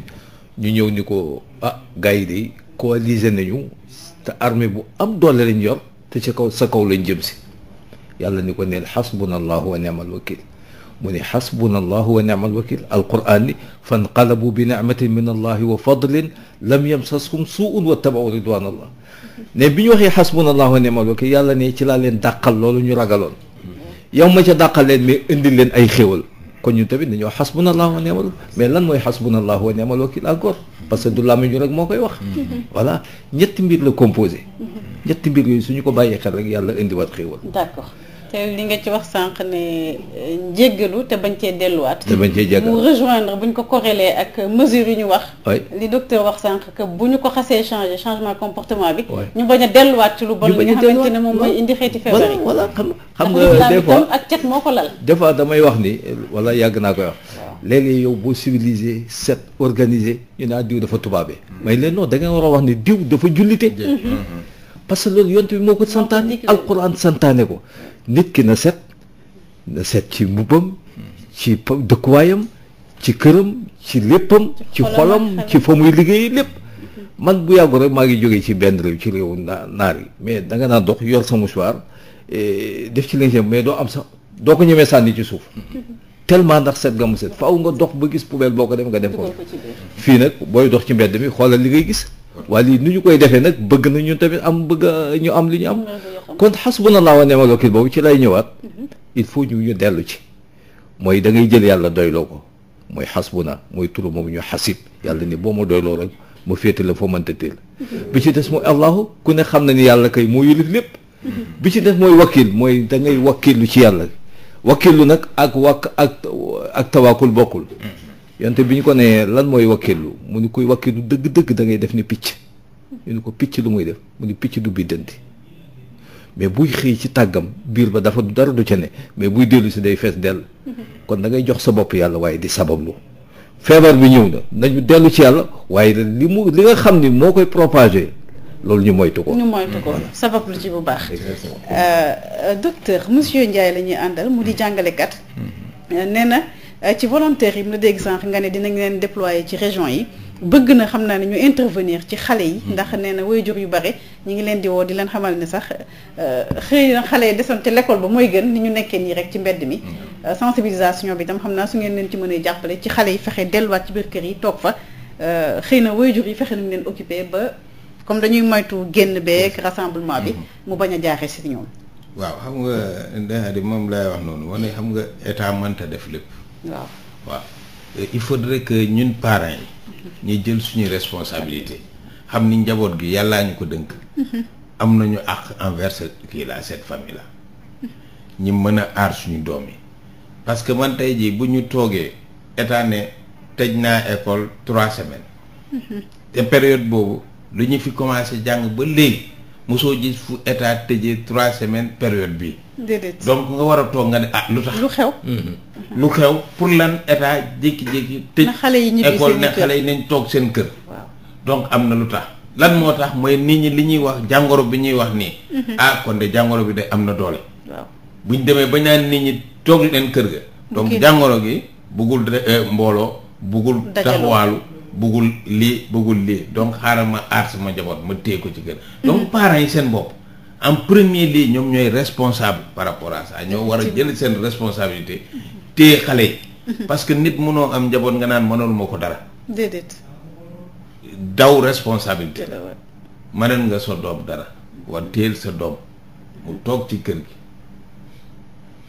ñu ñëw ko ah gars yi de coalisé nañu te armée bu am doole lañ yor te ci kaw sa kaw lañ jëm si yàlla ni ko neel xasbuna allahu wa niamal wakil mu ne xasbuna allahu wa niamal wakil alquran ni fanqalabu bi nicmatin min allahi wa fadlin lam yamsaskum suun wa tabaw ridwan allah ne bi ñu waxee xasbuna allahu wa niamal wakil yàlla ne ci laa leen dàqal loolu ñu ragaloon yow ma ca dàqal leen mais leen ay xéwal kon ñun tamit dañoo xasbunallahu wa ni'mal mais lan mooy xasbunallahu wa ni'mal wakil encore parce que du làmmiñ ñu rek moo koy wax voilà ñetti mbir la composé ñetti mbir yooyu suñu ko bàyyee xel rek yàlla indiwaat xéewal d'accord te li nga ci wax sànq ne njéggalu euh, te bañ cee delluwaat. te bañ cee jéggalu mu rejoindre bu ñu ko corrélé ak mesure yu ñu wax. li docteur wax sànq que bu ñu ko xasee changé changement comportement bi. ñu bañ delluwaat ci lu bon. li nga xamante ne moom mooy indi xeeti feebar yi. voilà xam nga des fois ak cet moo ko des fois damay wax ni wala yàgg naa koy wax. léeg-léeg yow boo civilisé set organisé ñu naan diw dafa tubaabee. mais léegi non da ngeen war a wax ni diw dafa jullite. Mm-hmm. parce que loolu yont bi moo ko santaane alquran santaane ko nit ki na set na set ci mbubbam ci dëkkuwaayam ci këram ci léppam ci xolam ci fa muy liggéey lépp man bu yàggu rek maa ngi jógee ci benn réew ci réewu naa naar yi mais da nga naan dox yor sa mouchoir def ci lingem mais doo am sa doo ko ñemee sànni ci suuf tellement ndax set nga mu set faaw nga dox ba gis poubelle boo ko dem nga dem ko fii nag booy dox ci mbedd mi xoolal li ngay gis waa lii nu ñu koy defee nag bëgg na ñu tamit am bëgg ñu am li ñu am kon bu xasbunallaahu wa ni'mal wakiil boobu ci lay ñëwaat mm-hmm. il faut ñu ñu dellu ci mooy da ngay jël yàlla doyloo ko mooy xasbuna mooy turu moom ñu xasib yàlla ni boo ma doyloo rek ma féete la foo mënta teel mm-hmm. bi ci des mooy allahu ku ne xam na ni yàlla kay moo yëlif lépp mm-hmm. bi ci des mooy wakiil mooy da ngay wakiilu ci yàlla wakiilu nag ak wakk ak ak tawaakul bokkul yonte bi ñu ko ne lan mooy wakkilu mu ni kuy lu dëgg-dëgg dangay def ni picc ñu ni ko picc lu muy def mu ni picc du biddanti mais buy xëy ci tàggam biir ba dafa dara du ca ne mais buy dellu si day fees dell kon da ngay jox sa bopp yàlla waaye di sabablu feebar bi ñëw na nañu dellu ci yàlla waaye li mu li nga xam ni moo koy propagé loolu ñu moytu ko. ñu ko sabab lu ci bu baax. Euh, docteur monsieur Ndiaye lañuy ñuy àndal mu di jàngalekat mm-hmm. euh, nee na. Euh, ci volontaires yi mu la dégg sànq nga ne dinañ leen déployer ci région yi bëgg na xam naa ne ñu intervenir ci xale yi ndax nee na waajur yu bare ñu ngi leen di woo di leen xamal ne sax euh, xëy na xale yi desoon te l'école ba mooy gën ni ñu nekkee nii rek ci mbedd mi mm-hmm. euh, sensibilisation bi itam xam naa su ngeen leen ci mënee jàppale ci xale yi fexe delluwaat ci biir kër yi toog fa xëy na waajur yi fexe nañu leen occupé ba comme dañuy moytu génn beeg mm-hmm. rassemblement bi mm-hmm. mu bañ a jaaxee si ñoom waaw xam nga moom laay wax noonu wane xam nga état mënta def lépp waaw waaw euh, il faudrait que ñun parents yi ñu jël suñu responsabilité xam ni njaboot gi yàllaa ñu ko dënk mhm. am nañu àq envers kii la cette famille la ñi mën a aar suñu doom yi parce que man tey jii bu ñu toogee état ne tëj naa école trois semaines mhm. te période boobu lu ñu fi commencé jàng ba léegi mosoo gis fu état tëjee trois semaines période bi déedéet donc nga war a toog nga ne ah lu tax. lu xew. Mm-hmm. lu xew pour lan état jékki-jékki. tëj xale yi école ne xale yi nañ toog seen kër. donc am na lu tax. lan moo tax mooy nii ñi li ñuy wax jàngoro bi ñuy wax nii. Mm-hmm. ah kon de jàngoro bi de am na doole. waaw buñ demee ba ñaan nit ñi toog leen kër ga. donc jàngoro gi buggul eh, mbooloo buggul taxawaalu. bëggul lii bëggul lii donc xaaral ma aar sama njaboot ma téye ko ci gën donc mhm. parents yi seen bopp en premier lii ñoom ñooy responsable par rapport à ça ñoo war a jël seen responsabilité téye xale yi mhm. parce que nit mënoo am njaboot nga naan mënul ma ko dara déedéet daw responsabilité mënal nga soo doom dara war téyel sa doom mu toog ci kër gi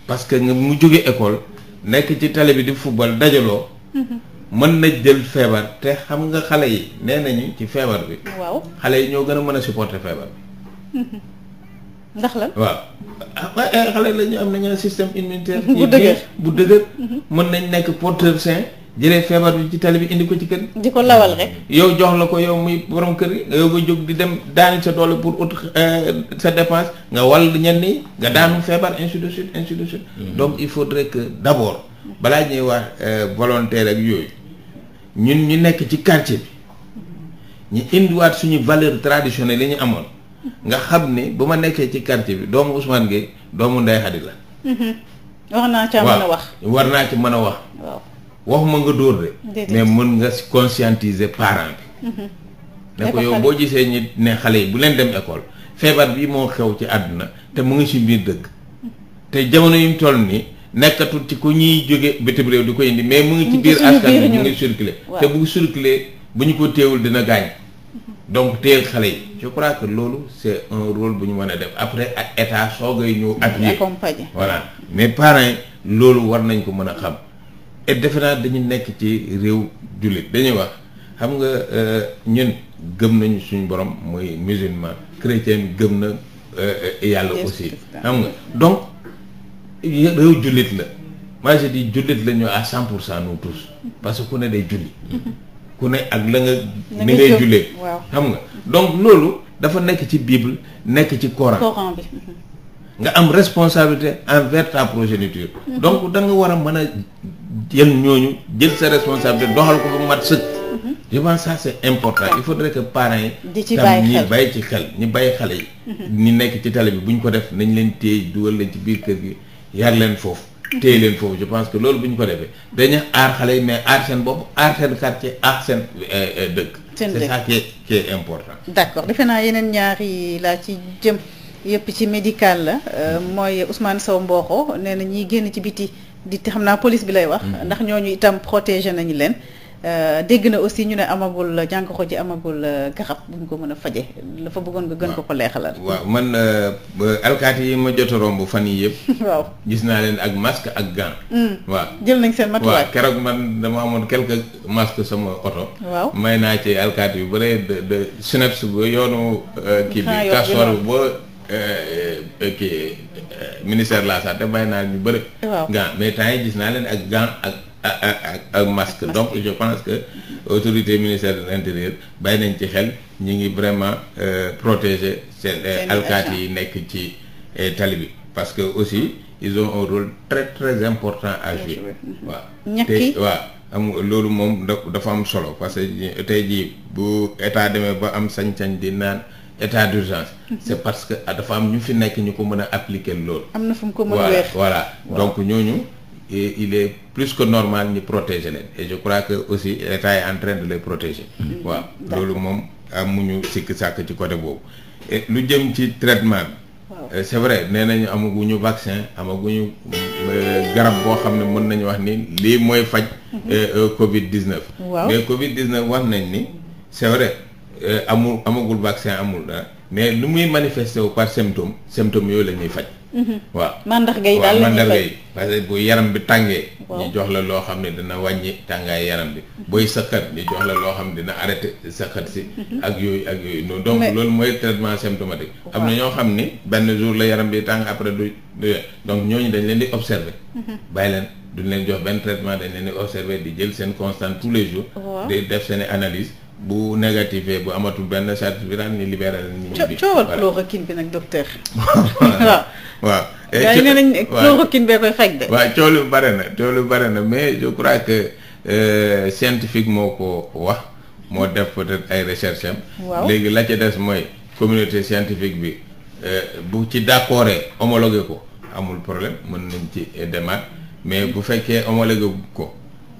parce que nga mu jóge école nekk ci tale bi di football dajaloo mhm. mën na jël feebar te xam nga xale yi nee nañu ci feebar bi. waaw xale yi ñoo gën a mën a supporter feebar bi. ndax la waaw. ah eh, xale la ñu am nañu système immunitaire. bu dëgër bu dëgër. Mhm. mën nañ nekk porteur sain jëlee feebar bi ci tali bi indi ko ci kër di ko lawal rek. yow jox la ko yow muy borom kër gi yow nga jóg di dem daani sa doole pour ut eh, sa dépense nga wal ñenn yi nga daanu feebar ainsi de suite ainsi suite. Mhm. donc il faudrait que d' abord balaa ñuy wax eh, volontaire yooyu. ñun ñu nekk ci quartier bi ñu indiwaat suñu valeur traditionnelle yi ñu amoon nga xam ne bu ma nekkee ci quartier bi doomu Ousmane Gueye doomu Ndeye la. Mm-hmm. wax naa ca mën a wax war naa ci mën a wax. waaw waxuma nga dóor de. mais mën nga conscientiser parent bi. Mm-hmm. ne ko yow boo gisee ñi ne xale yi bu leen dem école feebar bi moo xew ci àdduna te mu ngi ci biir dëgg mm-hmm. te jamono yi mu toll nii. nekkatul ci ku ñuy jóge bitim réew di ko indi mais mu ngi ci biir askan bi ñu ngi circulé te bu circulé bu ñu ko téewul dina gaañ mhm. donc téye xale yi je crois que loolu c'est un rôle bu ñu mën a def après ak état soog ay ñëw ak appuyer voilà mais parents loolu war nañ ko mën a xam et defe naa dañu nekk ci réew jullit dañuy wax xam nga euh, ñun gëm nañu suñu borom mooy musulman chrétien gëm na euh, euh, yàlla aussi xam nga donc réew jullit la moi je dis jullit la ñu à cent pour cent nous tous parce que ku ne day julli ku ne ak la nga ni ngay jullee xam nga donc loolu dafa nekk ci bible nekk ci coran nga am responsabilité envers ta progéniture mhm. donc da nga war a mën a jël ñooñu jël sa responsabilité doxal ko ba mat sëkk mhm. je pense ça important il faudrait que parents yi tam ñi bàyyi ci xel ñi bàyyi xale yi mhm. ñi nekk ci télé bi bu ñu ko def nañ leen téye dugal leen ci biir kër gi yar leen foofu téye leen foofu je pense que loolu bu ñu ko defee dañu aar xale yi mais aar seen bopp aar seen quartier aar seen euh, euh, dëkk c'est ça qui est important d'accord defe naa yeneen ñaari laa ci jëm yëpp ci médical la euh, mm-hmm. mooy Ousmane saw Mbokho nee na ñiy génn ci biti di xam naa police bi lay wax mm-hmm. ndax ñooñu itam protégé nañu leen Euh, dégg na aussi ñu ne amagul jàngoro ji amagul euh, garab bu ñu ko mën a faje dafa bëggoon nga gën ko ko leexalal. waaw man euh, alkaati yi ma jot romb fan yii yëpp. waaw gis naa leen ak masque ak gant. Mm. waaw jël nañ seen matuwaay ak keroog man dama amoon quelques masques sama oto. waaw may naa ci alkaati yu bare de de synapse ba yoonu. kii bi kastoor ba. kii ministère laa la santé bàyyi naa ñu bëri. waaw mais temps yi gis naa leen ak gant ak. ak masque donc je pense que autorité ministère de l'intérieur bàyyi nañ ci xel ñi ngi vraiment euh, protéger seen euh, alkaati yi nekk ci euh, tali bi parce que aussi ils ont un rôle très très important à jouer waaw mhm. te waaw am loolu moom dafa am solo parce que tey jii bu état demee ba am sañ-sañ di naan état d'urgence mhm. c'est parce que dafa am ñu fi nekk ñu ko mën a appliquer loolu am na fu mu ko mën a weer voilà donc ñooñu et il est plus que normal ñi protéger leen et je crois que aussi l'État est en train de les protéger waaw mm-hmm. loolu moom mu ñu sikk sàkk ci côté boobu lu jëm ci traitement bi euh, c'est vrai nee nañu amaguñu vaccin amaguñu euh, garab boo xam ne mën nañu wax ni lii mooy faj mm-hmm. euh, covid 19 mais covid 19 wax nañ ni c'est vrai amul amagul vaccin amul dara mais lu muy manifesté wu par symptôme symptôme yooyu la ñuy faj Mm-hmm. waaw mandarga yi daal la ñuy faj waaw yi parce que bu yaram bi tàngee. ñu jox la loo xam ne dina wàññi tàngaay yaram bi. Mm-hmm. booy sëqat ñu jox la loo xam ne dina arrêté sëqat si. Mm-hmm. ak yooyu ak yooyu noonu. donc loolu mooy traitement symptomatique. am na ñoo xam ni benn jour la yaram bi tàng après du donc ñooñu dañ leen di observer. bàyyi leen duñ leen jox benn traitement dañ leen di observer di jël seen constant tous les jours. di def seen i analyse bu négative bu amatul benn certificat ni libéral ni ñu bi coowal chloroquine bi nag docteur waaw waaw gaa yi nee nañ chloroquine na coow lu bare na mais je crois que euh, scientifique moo ko wax moo def peut-être ay recherche waaw léegi la ca des mooy communauté scientifique bi euh, bu ci d'accord homologué ko amul problème mën nañ ci demaat mais bu fekkee homologué ko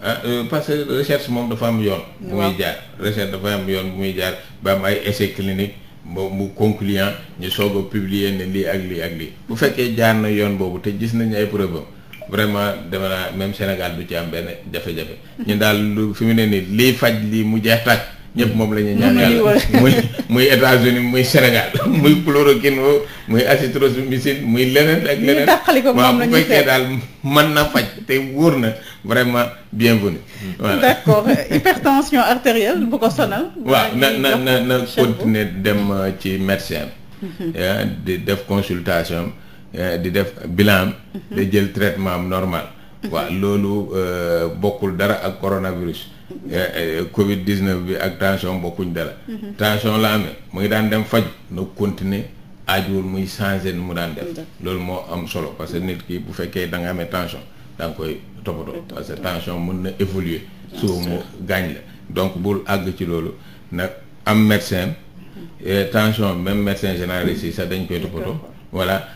ah euh, parce que recherche moom dafa am yoon. bu muy jaar recherche dafa am yoon bu muy jaar ba am ay essai clinique mu mu concluant ñu soog a publier ne lii ak lii ak lii bu fekkee jaar na yoon boobu te gis nañu ay preuve am vraiment dama naa même Sénégal du ci am benn jafe-jafe. ñu daal fi mu ne nii lii faj lii mu jeex tàkk ñëpp moom la ñuy ñaan yàlla muy muy États-Unis muy Sénégal muy chloroquine muy azithromycine muy leneen ak leneen waaw bu fekkee daal mën na faj te wóor na vraiment bien voilà d'accord hypertension artérielle bu ko sonal waaw na na na na continuer dem euh, ci médecin mhm. di def consultation di def bilan mhm. da jël traitement normal waaw loolu euh, bokkul dara ak coronavirus Eh, eh, Covid 19 bi ak tension bokkuñ dara. Mhm. tension la amee mu ngi daan dem faj na continuer aajuwul muy changé ni mu daan def. loolu moo am solo parce que nit ki bu fekkee da nga amee tension da nga koy toppatoo. parce que tension mën na évoluer. suuf mu gaañ la donc bul àgg ci loolu nag am médecin mhm. eh, tension même médecin généraliste yi sax dañ koy toppatoo. voilà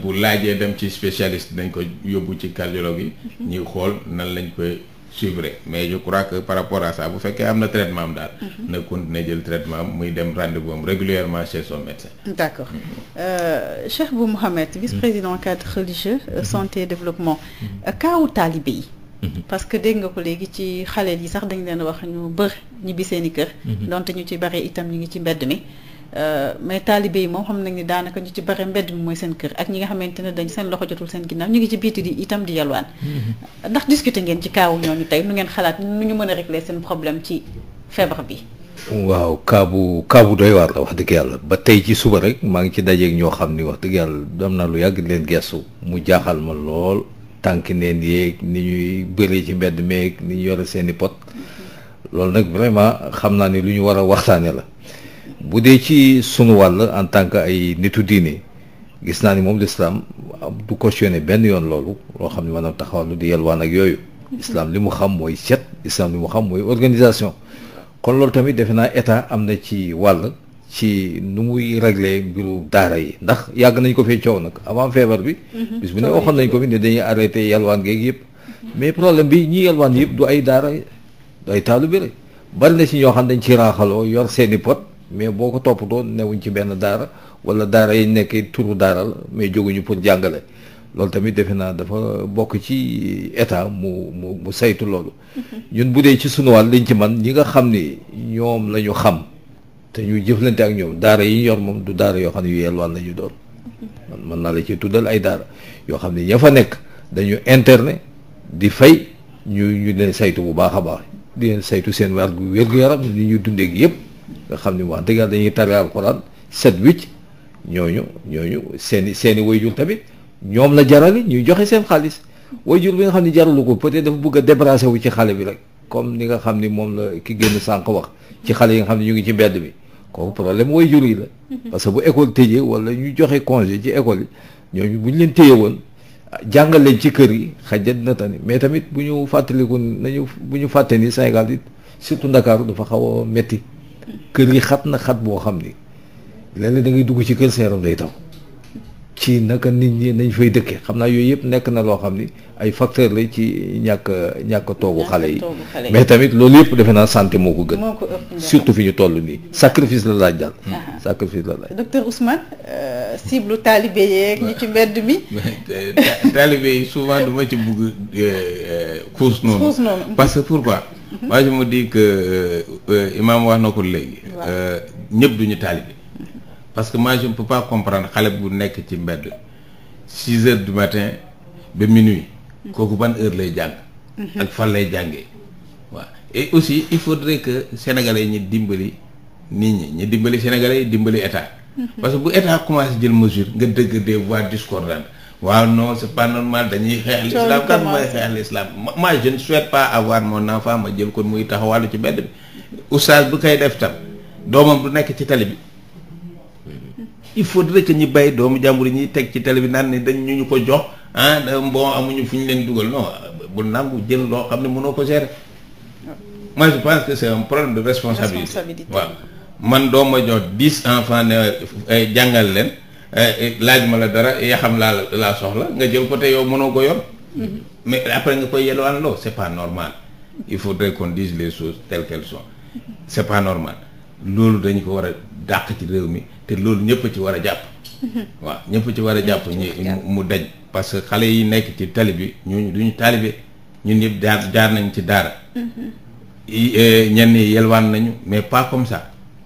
bu laajee dem ci spécialiste nañ ko yóbbu ci cardiologue yi. Mhm. ñuy xool nan lañ koy. suivre mais je crois que par rapport a ça bu fekkee am na traitement am daal. Mhm. na continuer jël traitement muy dem rendez-vous am régulièrement chez son médecin. d'accord mhm. euh, Cheikh Bou Mouhamed mhm. vice-président cadre religieux euh, santé développement kaawu euh, taalibe yi. parce que dégg nga ko léegi ci xale yi sax dañ leen wax ñu bër ñibbi seen i kër. donte ñu ci bari itam ñu ngi ci mbedd mi. Euh, mais taalibe yi moom xam nañ ni daanaka ñu ci bare mbedd mi mooy seen kër ak ñi nga xamante ne dañ seen loxo jotul seen ginnaaw ñu ngi ci biiti di itam di yalwaan mm-hmm. ndax discuter ngeen ci kaawu ñooñu tey nu ngeen xalaat nu ñu mën a régler seen problème ci feebar bi waaw kaabu kaabu doy waar la wax dëgg yàlla ba tey ci suba rek maa ngi ci dajeeg ñoo xam ni wax dëgg yàlla dam naa lu yàgg leen gestu mu jaaxal ma lool tànk neen yéeg ni ñuy bëree ci mbedd meeg ni ñu yore seen i pot mm-hmm. loolu nag vraiment xam naa ni lu ñu war a waxtaane la bu dee ci sunu wàll en tant que ay nitu diine gis naa ni moom lislaam du cautionné benn yoon loolu loo xam ne maanaam taxawal di yelwaan ak yooyu islam li mu xam mooy set islam li mu xam mooy organisation kon loolu tamit defe naa état am na ci wàll ci nu muy réglé mbiru daara yi ndax yàgg nañ ko fee coow nag avant feebar bi mhm. bis bu ne waxoon nañ ko fi ne dañuy arrêté yelwaan geeg yëpp mhm. mais problème bi ñi yelwaan yëpp du ay daara du ay taalu bi rek bari na si ñoo dañ ci raaxaloo yor seeni pot mais boo ko toppatoo newuñ ci benn daara wala daara yi nekk turu daara la mais jóguñu pour jàngale loolu tamit defe naa dafa bokk ci état mu mu saytu loolu. ñun bu dee ci sunu wàll liñ ci man ñi nga xam ni ñoom la ñu xam te ñu jëflante ak ñoom daara yi ñu yor moom du daara yoo xam ne yu yelwaan la ñu doon. man mën naa la ci tuddal ay daara yoo xam ne ña fa nekk dañu internet di fay ñu ñu leen saytu bu baax a baax di leen saytu seen wàllu wér-gu-yaram ni dundee yëpp. nga xam ni wax dëgg yàlla dañuy tarbi alxuraan set wicc ñooñu ñooñu seeni seeni jur tamit ñoom la jarali ñuy joxe seen xaalis jur bi nga xam ni jaralu ko peut-être dafa bëgg a débarrasser wu ci xale bi rek comme ni nga xam ni la ki génn sànq wax ci xale yi nga xam ne ñu ngi ci mbedd bi kooku problème wayjur yi la mm-hmm. parce que bu école tëjee wala ñu joxe congé ci école yi ñooñu bu ñu leen téye woon jàngal ci kër yi xajja dina tani mais tamit bu ñu fàttaliku nañu bu ñu fàtte ni Sénégal it surtout Ndakaaru dafa xaw a métti kër gi xat na xat boo xam ni léeg-léeg da ngay dugg ci kër seeram day taw ci naka nit ñi nañ fay dëkkee xam naa yooyu yëpp nekk na loo xam ni ay facteur la ci ñàkk ñàkk toogu xale yi mais tamit loolu yëpp defe naa santé moo ko gën surtout fi ñu toll nii sacrifice la laaj daal sacrifice la laaj docteur Ousmane euh, cible taalibe yeeg ñi ci mbedd mi euh, taalibe yi souvent du ci bugg euh, xuus noonu parce que pourquoi mhm. moi di me dis que imam wax na ko léegi ñëpp duñu taalibe parce que moi je ne peux pas comprendre xale bu nekk ci mbedd six heures du matin ba minuit kooku ban heure lay jàng ak fan lay jàngee waaw aussi il faudrait que sénégalais ñi dimbali nit ñi ñu dimbali sénégalais yi dimbali état parce que bu état commencé jël mesure nga dëgg des voix discordantes waa non c'est pas normal dañuy xeex l'islam kan mooy xeex l'islam moi je ne souhaite pas avoir mon enfant ma jël kon muy taxawàllu ci mbedd bi oustaz bu koy def tam doomam du nekk ci tali bi il faudrait que ñi bàyyi doomu jàmbur yi ñuy teg ci télé bi naan ni dañ ñu ñu ko jox ah bon amuñu fu ñu leen dugal non bu nangu jël loo xam ne mënoo ko gérer moi je pense que c'est un problème de responsabilité waaw man doo ma jox dix enfants ne eh, jàngal leen eh, eh, laaj ma la dara yaa xam laa laa soxla nga jël ko te yow mënoo ko yor mm-hmm. mais après nga koy yelwaan loo c'est pas normal il faut qu'on dise les choses telles qu'elles sont c'est pas normal loolu dañu ko war a dàq ci réew mi te loolu ñëpp ci war a jàpp. Mm-hmm. waaw ñëpp ci war a jàpp ñi mu daj parce que xale yi nekk ci tali bi ñooñu duñu taalibe ñun ñëpp jaar jaar nañ ci daara. Mm-hmm. Eh, ñenn yi yelwaan nañu mais pas comme ça.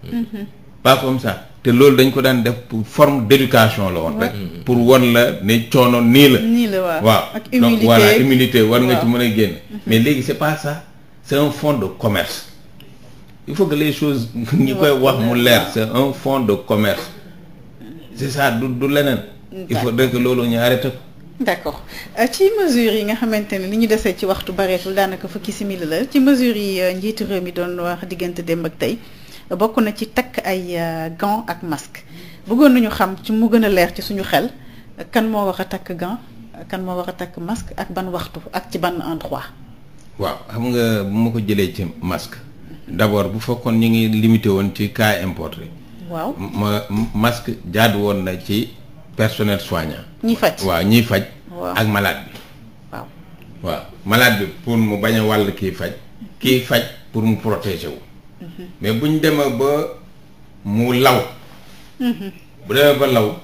Mm-hmm. pas comme ça te loolu dañ ko daan def pour forme d'éducation la woon rek. pour won la ne coono nii la. nii la waaw waaw donc voilà humilité war nga ci mën a génn. mais léegi c'est pas ça c'est un fonds de commerce. il faut que les choses ñi koy wax mu leer c'est un fonds de commerce c'est ça du du leneen il faut que loolu ñu arrêté ko d'accord euh, ci mesures yi nga xamante ne li ñu desee ci waxtu bareetul daanaka fukki simili la ci mesures yi euh, njiitu réew mi doon wax diggante démb ak tey bokk na ci takk ay euh, gants ak masque bëggoon nañu xam ci mu gën a leer ci suñu xel kan moo wax a takk gants kan moo wax a takk masque ak ban waxtu ak ci ban endroit waaw xam nga bu ma ko jëlee ci masque d'abord bu fokkoon ñu ngi limité woon ci cas importé. waaw ma masque jaadu woon na ci personnel soignant. ñiy faj waaw ñiy faj. ak malade bi. waaw waaw bi pour mu bañ a wàll kii faj. kii faj pour mu protéger wu. Mhm. mais buñ demee ba mu law. Mhm. bu demee ba law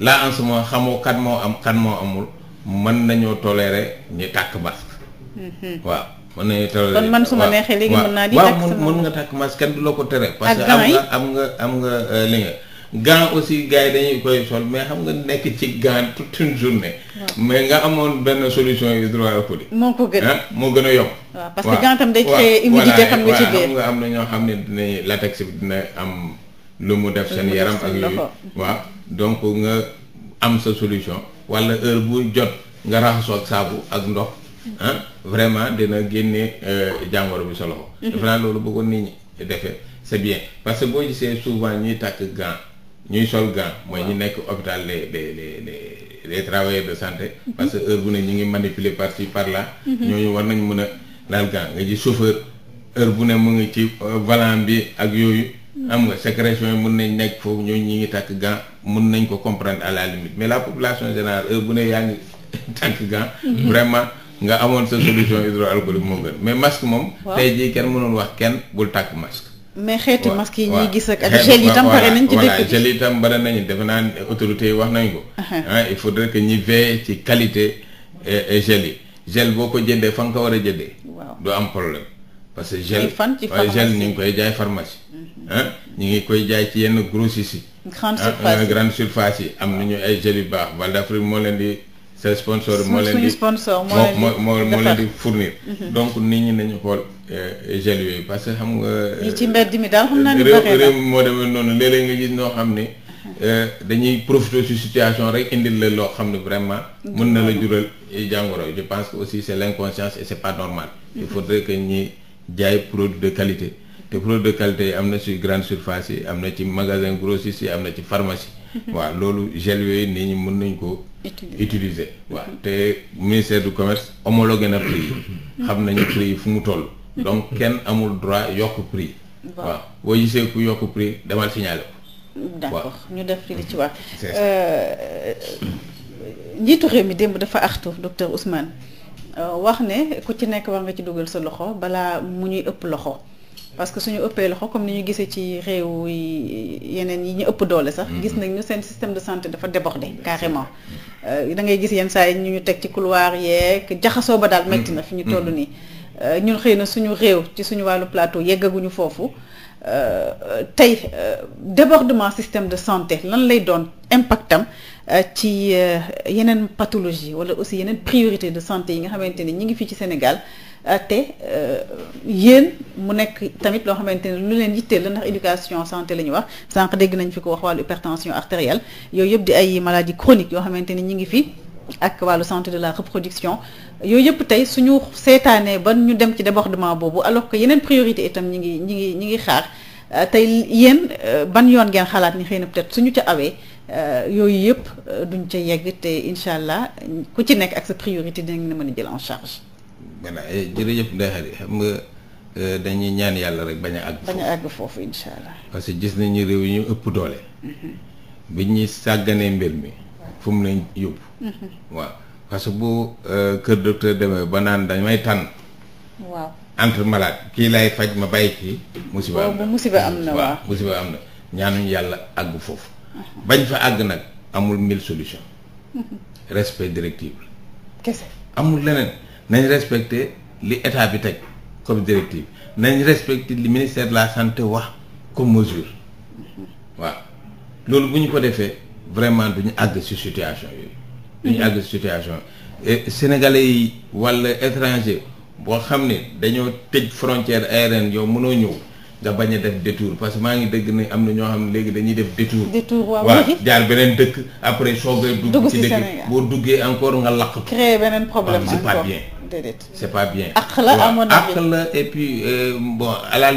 laa en suma moment xamoo kan moo am kan moo amul mën nañoo tolérer ñu tàkk masque. Mhm. waaw. mën nañu tere kon man su ma mën naa di takk sama mën nga takk masque kenn du la ko tere parce que am nga am nga am nga euh, nga gant aussi gars yi koy sol mais xam nga nekk ci gant toute une journée mais nga amoon benn solution yu droit apoli moo ko gën a moo gën a yokk waaw parce que gant tam day créer humidité xam xam nga am na ñoo xam ne la latex bi dina am lu mu def seen yaram ak yooyu waaw donc nga am sa solution wala heure bu jot nga saabu ak ndox ah vraiment dina génne euh, jàngoro bi sa loxo. Mhm. defe bëggoon nit defee c'est bien parce que boo gisee souvent ñuy takk gant ñuy sol gant mooy ñu nekk hôpital les les les de santé. parce que heure bu ne ñu ngi manipuler par ci par là. Mhm. ñooñu war nañ mën a laal gant ji chauffeur heure bu ne mu ngi ci euh, volant bi ak yooyu. Mhm. am nga sécrétion yi mun nañ nekk foofu ñu ñu ngi takk gant mun nañ ko comprendre à la limite mais la population générale heure bu ne yaa ngi takk gant. vraiment. nga amoon sa solution hydroalcoolique moo gën mais masque moom. tey jii kenn mënoon wax kenn bul tàkk masque. mais xeeti masque yi ñuy gis a ak gel yi tam bare nañ ci naa ne autorités yi wax nañ ko. Uh-huh. Ah, il faudrait que ñu veille ci qualité gel yi gel boo ko jëndee fa nga ko war a jëndee. waaw doo am problème. parce que gel waaye gel ñu ngi koy jaay pharmacie. Uh-huh. Ah, ñu ngi koy jaay ci yenn grossistes yi. grande ah, surface yi grande surface yi am nañu ay gel yu baax Val d'Afrique moo leen di. seen sponsor moo leen di sponsor moo moo moo leen di fournir. Mhm. donc nit ñi nañu xool eh, gel yooyu parce que xam nga. ñi eh, ci mbedd mi daal xam naa ni réew mi moo noonu léeg-léeg nga gis noo xam ne eh, dañuy profiter ci situation rek indil la loo xam ne vraiment. mën na la jural jàngoro je pense que aussi c' est l' inconscience et c' est pas normal. il mhm. faudrait que ñi jaay produit de qualité. te produit de qualité yi am na ci grande surface yi am na ci magasin grossiste yi am na ci pharmacie. waaw loolu gel yooyu nit ñi mën nañ koo utiliser waaw te ministère du commerce homologué na prix yi xam nañu prix fu mu toll donc kenn amul droit yokk prix waaw boo gisee ku yokk prix demal signaler ko d'accord ñu def li ci wax euh, njiitu réew mi démb dafa axtu docteur Ousmane euh, wax ne ku ci nekk war nga ci dugal sa loxo balaa mu ñuy ëpp loxo parce que suñu ëppee loxo comme ni ñu gisee ci réew yi yeneen yi ñu ëpp doole sax. gis mhm. nañ ñu seen système de santé dafa débordé carrément. Euh, da ngay gis yenn saa yi ñu ñu teg ci couloir yeeg jaxasoo ba daal metti na fi ñu mhm. toll mhm. nii. Euh, ñun xëy na suñu réew ci suñu wàllu plateau yeggaguñu foofu euh, tey débordement système de santé lan lay doon impactam ci yeneen pathologie wala aussi yeneen priorité de santé yi nga xamante ni ñi ngi fii ci Sénégal. Euh, te euh, yéen mu nekk tamit loo xamante ne lu leen yitteel la ndax éducation santé la ñu wax sànq dégg nañ fi ko wax wàllu hypertension artérielle yooyu yëpp di ay maladies chroniques yoo xamante ni ñu ngi fi ak wàllu santé de la reproduction yooyu yëpp tey su ñu seetaanee ba ñu dem ci débordement boobu alors que yeneen priorité itam ñi ngi ñi ngi ñi ngi xaar euh, tey yéen ban yoon ngeen xalaat ni xëy na peut su ñu ca awee yooyu yëpp duñ ca yegg te incha allah ku ci nekk ak sa priorité dinañ la mën a jël en charge voilà eh, jërëjëf Ndeye Khady xam eh, dañuy ñaan yàlla rek bañ a àgg. bañ que gis nañu réew yi ñu ëpp doole. Mm-hmm. bi ñuy sàgganee mbir mi. fu mu ne mm-hmm. parce que bu eh, kër docteur demee ba naan dañ may tànn. waaw entre malade kii lay faj ma bàyyi kii. musiba am na musiba am na waaw musiba am na ñaanuñu yàlla àgg foofu. Mm-hmm. bañ fa àgg nag amul mille solution respect directive. kese amul leneen. nañ respecté li état bi teg comme directive nañ respecte li ministère de la santé wax comme mesure waaw loolu bu ñu ko defee vraiment duñu àgg ci situation yooyu duñu àgg ci situation sénégalais yi walla étranger boo xam ne dañoo tëj frontière aérienne yow mënoo ñëw nga bañ a def détour parce que maa ngi dégg ne am na ñoo xam ne léegi dañuy def détour détour waaw jaar beneen dëkk après soogay dugg ci dëkk boo duggee encore nga laq créer beneen problème c'est pas bien déedéet c'est pas bien ak la amoon ak la et puis euh, bon à la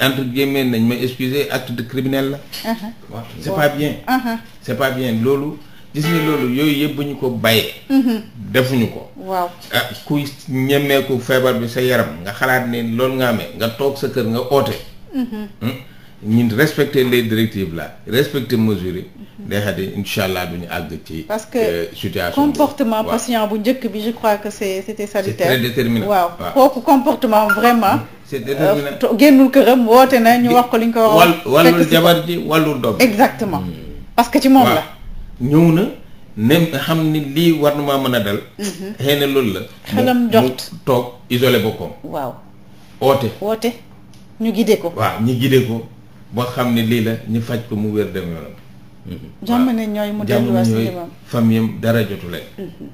entre guillemets nañ ma excuser acte de criminel la uh-huh. waaw c'est pas bien uh-huh. c'est pas bien loolu gis ni loolu yooyu yëpp bu ñu ko bàyyee mm-hmm. defuñu ko waaw ah kuy ñemeeku feebar bi sa yaram nga xalaat ne loolu nga amee nga toog sa kër nga oote mm-hmm. hmm? ñu respecter les directives là respecter mesures day incha allah duñu àgg ci. parce que euh, situation comportement patient bu njëkk bi je crois que c'est c'était salutaire c'est très déterminant waaw kooku comportement vraiment. Mm. c'est déterminant euh, génnul këram woote na ñu wax ko li ñu ko wax. wàllul jabar ji wàllul doom exactement mm. parce que ci moom la. ñëw na nem xam ni lii war na maa mën a dal. Mm-hmm. xëy na loolu la. xelam jot mu toog isolé boppam. waaw oote. oote ñu gidee ko. waaw ñu gidee ko boo xam ne lii la ñu faj ko mu wér dem yoonam. Mhm. jàmm ne ñooy mu delluwaat si limam mhm.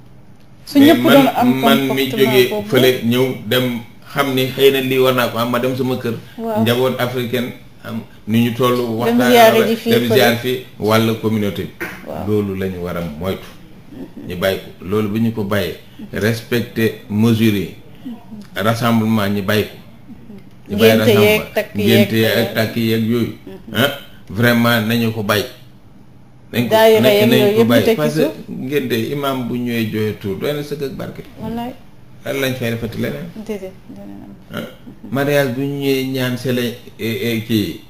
su ñëpp doon am man mi jógee fële ñëw dem xam ni xëy na lii war naa ko am ma dem sama kër njaboot africaine am ni ñu toll waxtaan dem ziar fii communauté bi la war a moytu mhm. ñu bàyyi loolu bi ñu ko bàyyee respecté mesures yi rassemblement ñi bàyyi ko ñu bàyyi rassemblement ngénte yeeg takk yeeg yooyu ah vraiment nañu ko bàyyi daayira yeeg yooyu yëpp parce que ngénte imaam bu ñëwee jooyatu doy na sëkk ak barke. lañ fay defati leneen. déedéet ah, bu ñëwee ñaan sele e, e, kii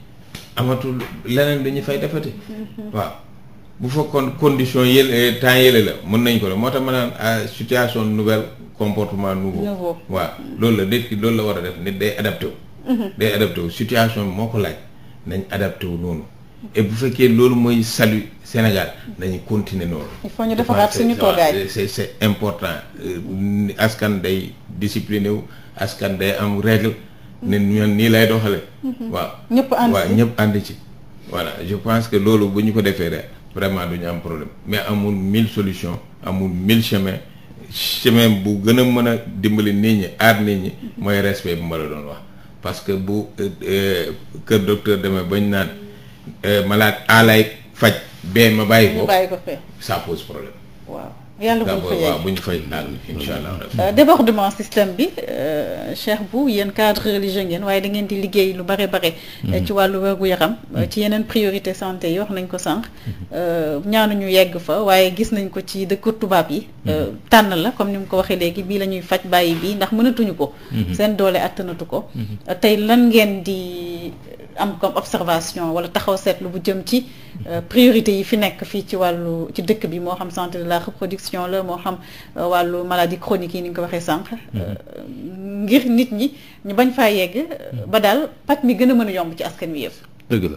amatul leneen du ñu fay defati. Mhm. waaw bu fekkoon condition yële temps yële la mën nañ ko la moo tax ma naan ah, situation nouvelle comportement nouveau. waa loolu la nit ki loolu la war a def nit day adapté wu. Mhm. day adapté wu situation bi moo ko laaj nañ adapté wu noonu. bu fekkee loolu mooy salut Sénégal nañu continuer noonu. il faut ñu defaraat suñu toogaay c'est c'est important euh, askan day discipliné wu askan day am règle. ne ñoom nii lay doxale mhm. waaw ñëpp ànd ñëpp ànd ci. voilà je pense que loolu bu ñu ko defee rek vraiment duñu am problème mais amul mille solution amul mille chemins chemin bu gën a mën a dimbali nit ñi aar nit ñi mooy respect bu ma la doon wax parce que bu euh, euh, kër docteur demee bañ naan. Euh, malade alaay faj bee ma bàyyi ko bàyyi ko fee ça pose problème waaw yàlla bu ñu fa waaw bu ñu fay naan incha allah. Euh, débordement système bi euh, Cheikh Bou yéen cadre religieux ngeen waaye da ngeen di liggéey lu bare bare. Mhm. ci wàllu wérgu yaram. Mhm. ci yeneen priorité santé yi wax nañ ko sànq. ñaanuñu yegg fa waaye gis nañ ko ci dëkku tubaab yi. Mhm. tànn la comme ni mu ko waxee léegi bii la ñuy faj bàyyi bii ndax mënatuñu ko. seen doole attanatu ko. tey lan ngeen di. am comme observation wala taxaw seetlu bu jëm ci euh, priorité yi fi nekk fii ci wàllu ci dëkk bi moo xam santé de la reproduction la moo xam euh, wàllu maladie chronique yi ni nga ko waxee sànq. Mm-hmm. Euh, ngir nit ñi ñu bañ faa yegg. Mm-hmm. ba daal paj mi gën a mën a yomb ci askan wi yëpp.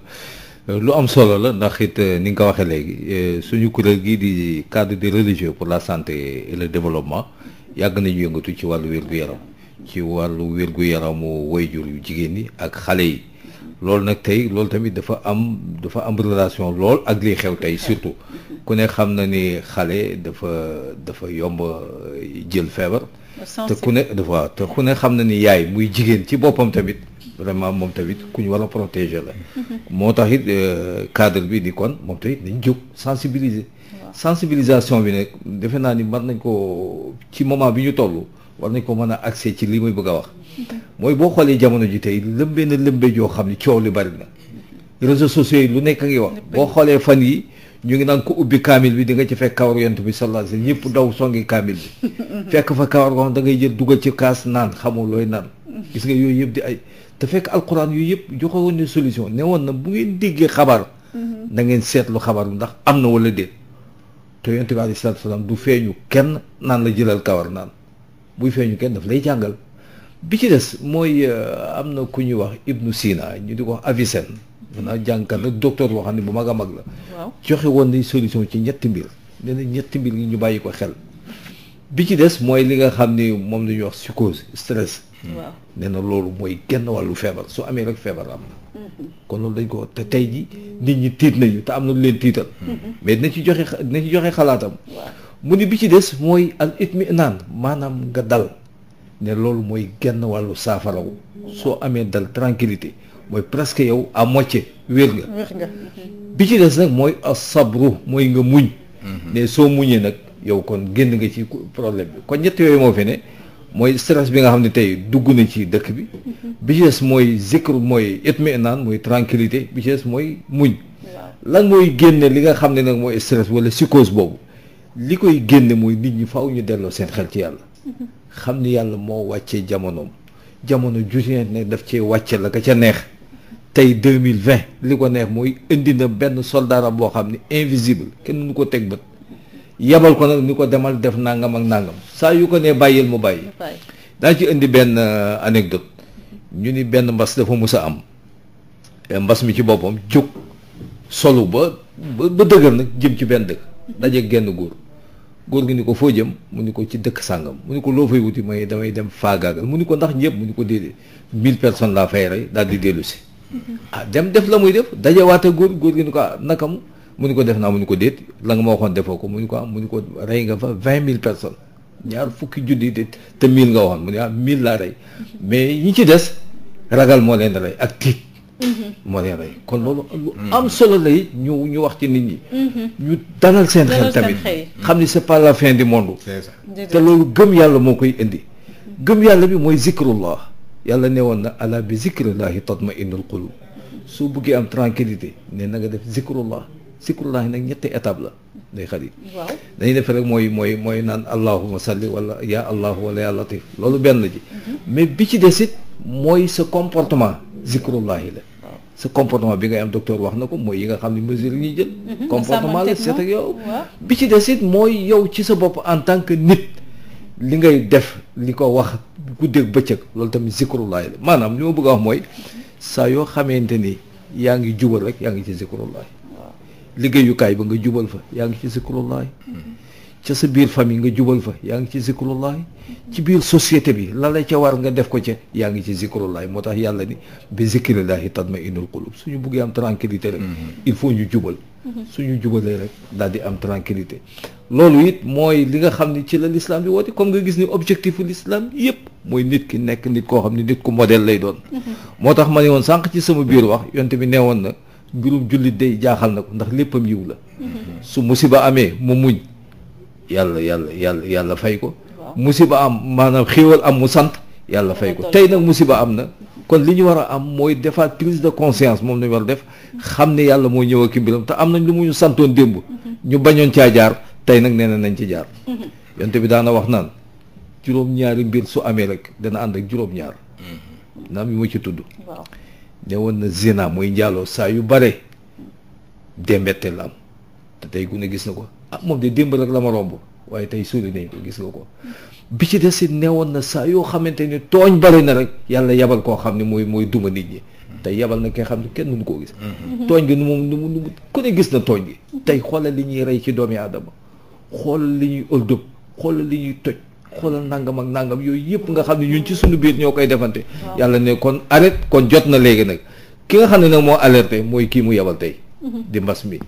lu am solo la ndax it ni nga ko waxee léegi suñu kuréel gi di cadre de religieu pour la santé et le développement yàgg nañu yëngatu ci wàllu wér-gu-yaram ci wàllu wér-gu-yaramu woy jur yu jigéen ñi ak xale yi loolu nag tey loolu tamit dafa am dafa am relation lool ak liy xew tey surtout ku ne xam na ni xale dafa dafa yomb euh, jël feebar. te ku ne dafa te ku ne xam na ni yaay muy jigéen ci boppam tamit vraiment moom tamit ku ñu war a protéger la. moo tax it euh, cadre bi di kon moom tamit nañ jóg sensibiliser. sensibilisation bi nag defe naa ni mën nañ ko ci moment bi ñu toll war nañ ko mën a accès ci li muy bëgg a wax. mooy boo xoolee jamono ji tey lëmbee na lëmbee joo xam ne coow li bari na réseaux sociaux yi lu nekk ngi wax boo xoolee fan yi ñu ngi naan ko ubbi kaamil bi di nga ci fekk kawar yont bi sallallahu alayhi ñëpp daw songi kaamil bi fekk fa kawar da ngay jël dugal ci kaas naan xamoo looy naan mm-hmm. gis nga yooyu yëpp di ay te fekk alquran yooyu yëpp joxe ne solution ne woon na bu ngeen diggee xabaar mm-hmm. na ngeen seetlu xabaar bi ndax am na walla déet te yont bi alayhi salaatu du feeñu kenn naan la jëlal kawar naan buy feeñu kenn daf lay jàngal bi ci des mooy euh, am na ku ñuy wax Ibnu Sina ñu di ko wax Avicenne. maanaam jànkat ak docteur boo xam ne bu mag a mag la. waaw joxe woon nañ solution ci ñetti mbir nee na ñetti mbir yi ñu bàyyi ko xel. bi ci des mooy li nga xam ni moom la ñuy wax psychose stress. Hmm. waaw nee na loolu mooy genn wàllu feebar su amee rek feebar am na. Hmm, hmm. kon loolu dañ ko te tey ji nit ñi tiit nañu te am na lu leen tiital. mais dina ci joxe dina ci joxe xalaatam. mu ni bi ci des mooy al it mi naan maanaam nga dal. ne loolu mooy genn wàllu saafaraw soo amee dal tranquillité mooy presque yow à moitié wér nga bi ci des nag mooy asabru mooy nga muñ mhm. ne soo muñee nag yow kon génn nga ci problème bi kon ñett yooyu moo fi mooy stress bi nga xam ne tey dugg na ci dëkk bi mhm. bi ci des mooy zikr mooy itminaan mooy tranquillité bi ci des mooy muñ lan mooy génne li nga xam ne nag mooy stress wala psychose boobu li koy génne mooy nit ñi faw ñu delloo seen xel ci yàlla mhm. xam ni yàlla moo wàccee jamonoom jamono jusin ne daf cee wàcce la ka ca neex tey deux mille vingt li ko neex mooy indi na benn soldaaram boo xam ni invisible kenn nu ko teg bët yebal ko nag ni ko demal def nangam ak nangam saa yu ko nee bàyyil mu bàyyi daa ci indi benn euh, anecdote ñu ni benn mbas dafa mus a am mbas mi ci boppam jóg solu ba ba dëgër nag jëm ci benn dëkk daje genn góor góor gi ni ko foo jëm mu ni ko ci dëkk sàngam mu ni ko loo fay wuti may damay dem faagaagal mu ni ko ndax ñëpp mu ni ko déedéet mille personnes laa fay rey daal di dellu si ah, dem def la muy def dajawaate góor góor gi ni ko ah nakam mu ni ko def naa mu ni ko déet la nga ma waxoon defoo ko mu ni ko am ah, mu ni ko rey nga fa vingt mille personnes ñaar fukki junni de te mille nga waxoon mu ni ah mille laa rey mais ñi ci des ragal moo leen rey ak tiit Mm-hmm. moo leen rey kon loolu lu am solo la it ñu ñu wax ci nit ñi mm-hmm. ñu dalal seen xel tamit xam ni sa pas fin du monde te loolu gëm yàlla moo koy indi mm-hmm. gëm yàlla bi mooy zikrullah yàlla ne woon na ala bi zikrillahi tatma innul qulub soo bëggee am tranquillité ne na nga def zikrullah zikrullah nag ñetti étape la day xarit dañuy def rek mooy mooy mooy naan allahuma salli wala yaa allah wala yaa latif loolu benn ji mais bi ci desit mooy sa comportement zikrullahi la sa comportement bi ngay am docteur wax na ko mooy yi nga xam ne mesure yi ñuy jël. Mhm. comportement la seet ak yow. bi ci des it mooy yow ci sa bopp en tant que nit. li ngay def li ko wax guddeeg bëccëg loolu tamit zikrullah la maanaam li ma bëgg a wax mooy saa yoo xamante ni yaa ngi jubal rek yaa ngi ci zikrullah liggéeyukaay ba nga jubal fa yaa ngi ci zikrullah mhm. ca sa biir famille nga jubal fa yaa ngi ci zikrullah ci biir société bi la la ca war nga def ko ca yaa ngi ci zikrullah moo tax yàlla ni bi zikrillahi tatma innul qulub suñu buggee am tranquillité rek mhm. il faut ñu jubal mhm. suñu jubalee rek daal di am tranquillité loolu it mooy li nga xam ni ci la l'islam bi woote comme nga gis ni objectif l'islam yëpp mooy nit ki nekk nit koo xam ni nit ku modèle lay doon mhm. moo tax ma ne woon sànq ci sama biir wax yonte bi nee woon na mbirum jullit day jaaxal na ko ndax léppam yiw la yàlla yàlla yàlla yàlla fay ko musiba am maanaam xiiwal am mu sant yàlla fay ko tey nag musiba am na kon li ñu war a am mooy defaat prise de conscience moom lañu war a def xam ne yàlla moo ñëw ak mbiram te am nañ lu mu santoon démb ñu bañoon caa jaar tey nag nee na nañ ci jaar yonte bi daana wax naan juróom-ñaari su amee rek dana ànd ak juróom-ñaar naam ci tudd ne woon na zina mooy njaaloo saa yu bare dembetteel am te tey gune gis na ko ah moom de démb rek la ma romb waaye tey suuli nañ ko gis nga ko bi ci des it neewoon na saa yoo xamante ni tooñ bari na rek yàlla yebal koo xam ne mooy mooy duma nit ñi tey yebal na ki xam ne kenn mënu koo gis mm-hmm. tooñ gi nu mu nu mu ku ne gis na tooñ gi mm-hmm. tey xoolal li ñuy rey ci doomi aadama xoolal li ñuy ëldëb xoolal li ñuy toj xoolal nangam ak nangam yooyu yëpp nga xam ne ñun ci suñu biir ñoo koy defante yàlla ne kon arrête kon jot na léegi nag ki nga xam ne nag moo alerté mooy kii mu yabal tey mm-hmm. di mi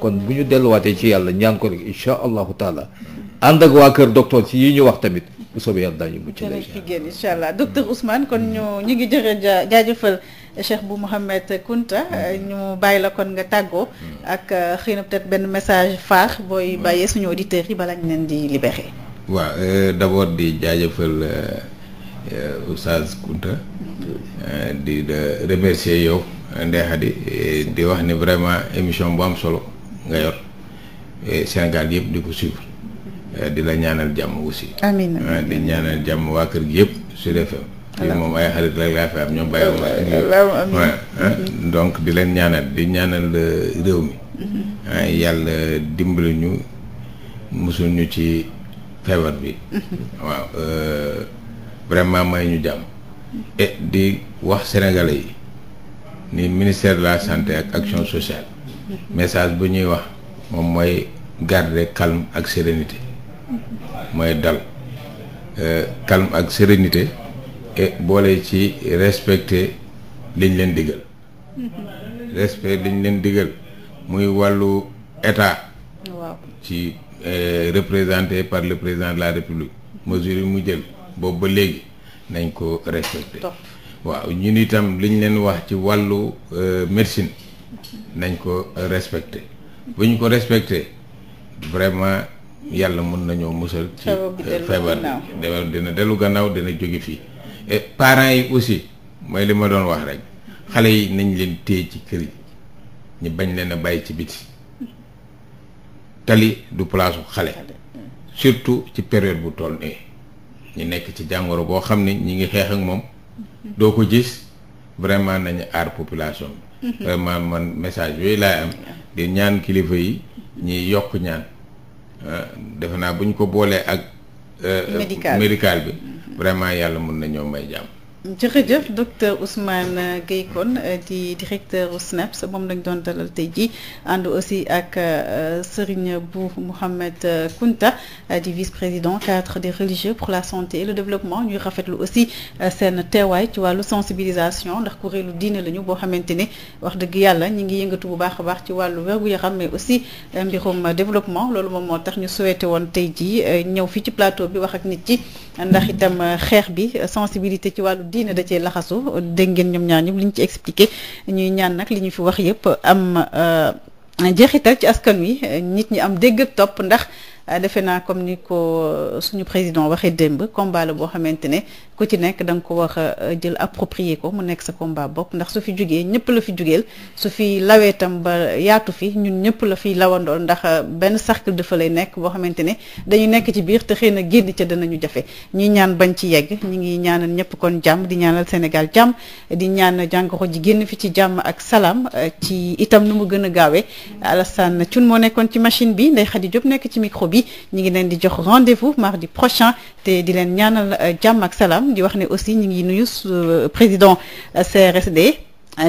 kon bu ñu delluwaatee ci yàlla ñaan ko rek incha allahu taala ànd ak waa kër docteur ci yi ñu wax tamit bu soobee yàlla daañu mucc lay génn incha allah docteur Ousmane kon ñu ñu ngi jërë jaajëfal Cheikh Bou Mouhamed Kounta mm-hmm. ñu bàyyi la kon nga tàggoo mm-hmm. ak euh, xëy na peut benn message faax booy mm-hmm. bàyyee suñu auditeurs yi bala ñu leen di libéré. waaw euh, d'abord di jaajëfal euh, Oustaz Kounta di remercier yow Ndeye di wax ni vraiment émission bu am solo. nga yor eh, Sénégal yëpp di ko suivre eh, di la ñaanal jàmm aussi. amiin eh, di ñaanal jàmm waa kër gi yëpp Sud FM. alhamdulilah moom ay xarit rek laa am ñoom bàyyi ma. Mm-hmm. donc di leen ñaanal di ñaanal euh, réew mi. Mm-hmm. yàlla dimbali ñu musul ñu ci feebar bi. Mm-hmm. waaw euh, vraiment may ñu jàmm. di wax sénégalais yi ni ministère de la santé ak action sociale. message bu ñuy wax moom mooy garder calme ak sérénité mooy dal euh, calme ak sérénité boole ci respecte liñ leen digal respect liñ leen digal muy wàllu état ci euh, représenté par le président de la république mesure yi mu jël boobu ba léegi nañ ko respecté waaw ñun itam liñ leen wax ci wàllu euh, médecine nañ ko respecté bu ñu ko respecté vraiment yàlla mun nañoo musal ci feebar bi dina dellu gannaaw dina jóge fii et parents yi aussi mooy li ma doon wax rek xale yi nañ leen téye ci kër yi ñu bañ leen a bàyyi ci biti tali du palaasu xale mm. surtout ci période bu toll nii ñu nekk ci jàngoro boo xam ne ñi ngi xeex ak moom mm-hmm. doo ko gis vraiment nañu aar population vraiment euh, man message bi laay am di ñaan kilifa yi ñi yokk ñaan euh, defe naa bu ñu ko boolee ak euh, médical bi vraiment yàlla mun na ñoo may jàmm jërëjëf docteur Ousmane Gueye Kone di directeur SNAPS moom lañ doon dalal tey jii ànd aussi ak euh, Serigne Bou Mouhamed Kounta di vice-président cadre de religieux pour la santé et le développement ñuy rafetlu aussi euh, seen teewaay ci wàllu sensibilisation ndax kuréelu diine lañu boo xamante ni wax dëgg yàlla ñu ngi yëngatu bu baax a baax ci wàllu wér-gu-yaram mais aussi euh, mbirum développement loolu moom moo tax ñu souhaité woon tey jii ñëw fii ci plateau bi wax ak nit ci ndax itam euh, xeex bi euh, sensibilité ci wàllu diine da cee laxasu dégg ngeen ñoom ñaar ñëpp li ñu ci expliqué ñuy ñaan nag li ñu fi wax yëpp am euh, jeexital ci askan wi nit ñi am dégg topp ndax. Euh, defe naa comme ni ko euh, suñu président waxee démb combat la boo xamante ne ku ci nekk da nga ko wax euh, jël approprier ko mu nekk sa combat bopp ndax su fi jugee ñëpp la fi jógeel su fi lawee tam ba yaatu fi ñun ñëpp la fi lawandool ndax benn cercle dafa lay nekk boo xamante ne dañu nekk ci biir te xëy na génn ca danañu jafe ñuy ñaan bañ ci yegg ñu ngi ñaanal ñëpp kon jàmm di ñaanal Sénégal jàmm di ñaan jàngoro ji génn fi ci jàmm ak salaam ci itam nu mu gën a gaawee Alassane cun moo nekkoon ci machine bi Ndeye Khady nekk ci micro bi bi ñi ngi leen di jox rendez-vous mardi prochain te di leen ñaanal euh, jàmm ak salaam di wax ne aussi ñi ngi nuyu euh, président euh, CRSD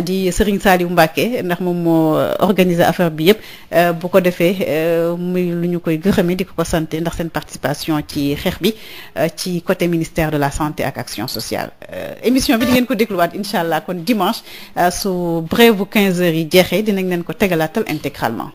di Serigne Saliou Mbacké ndax moom moo organiser affaire bi yëpp bu ko defee muy lu ñu koy gërëmee di ko ko sant ndax seen participation ci xeex bi ci côté ministère de la santé ak action sociale émission bi di ngeen ko dégluwaat incha allah kon dimanche su brève bu 15 heures yi jeexee dinañ leen ko tegalaatal intégralement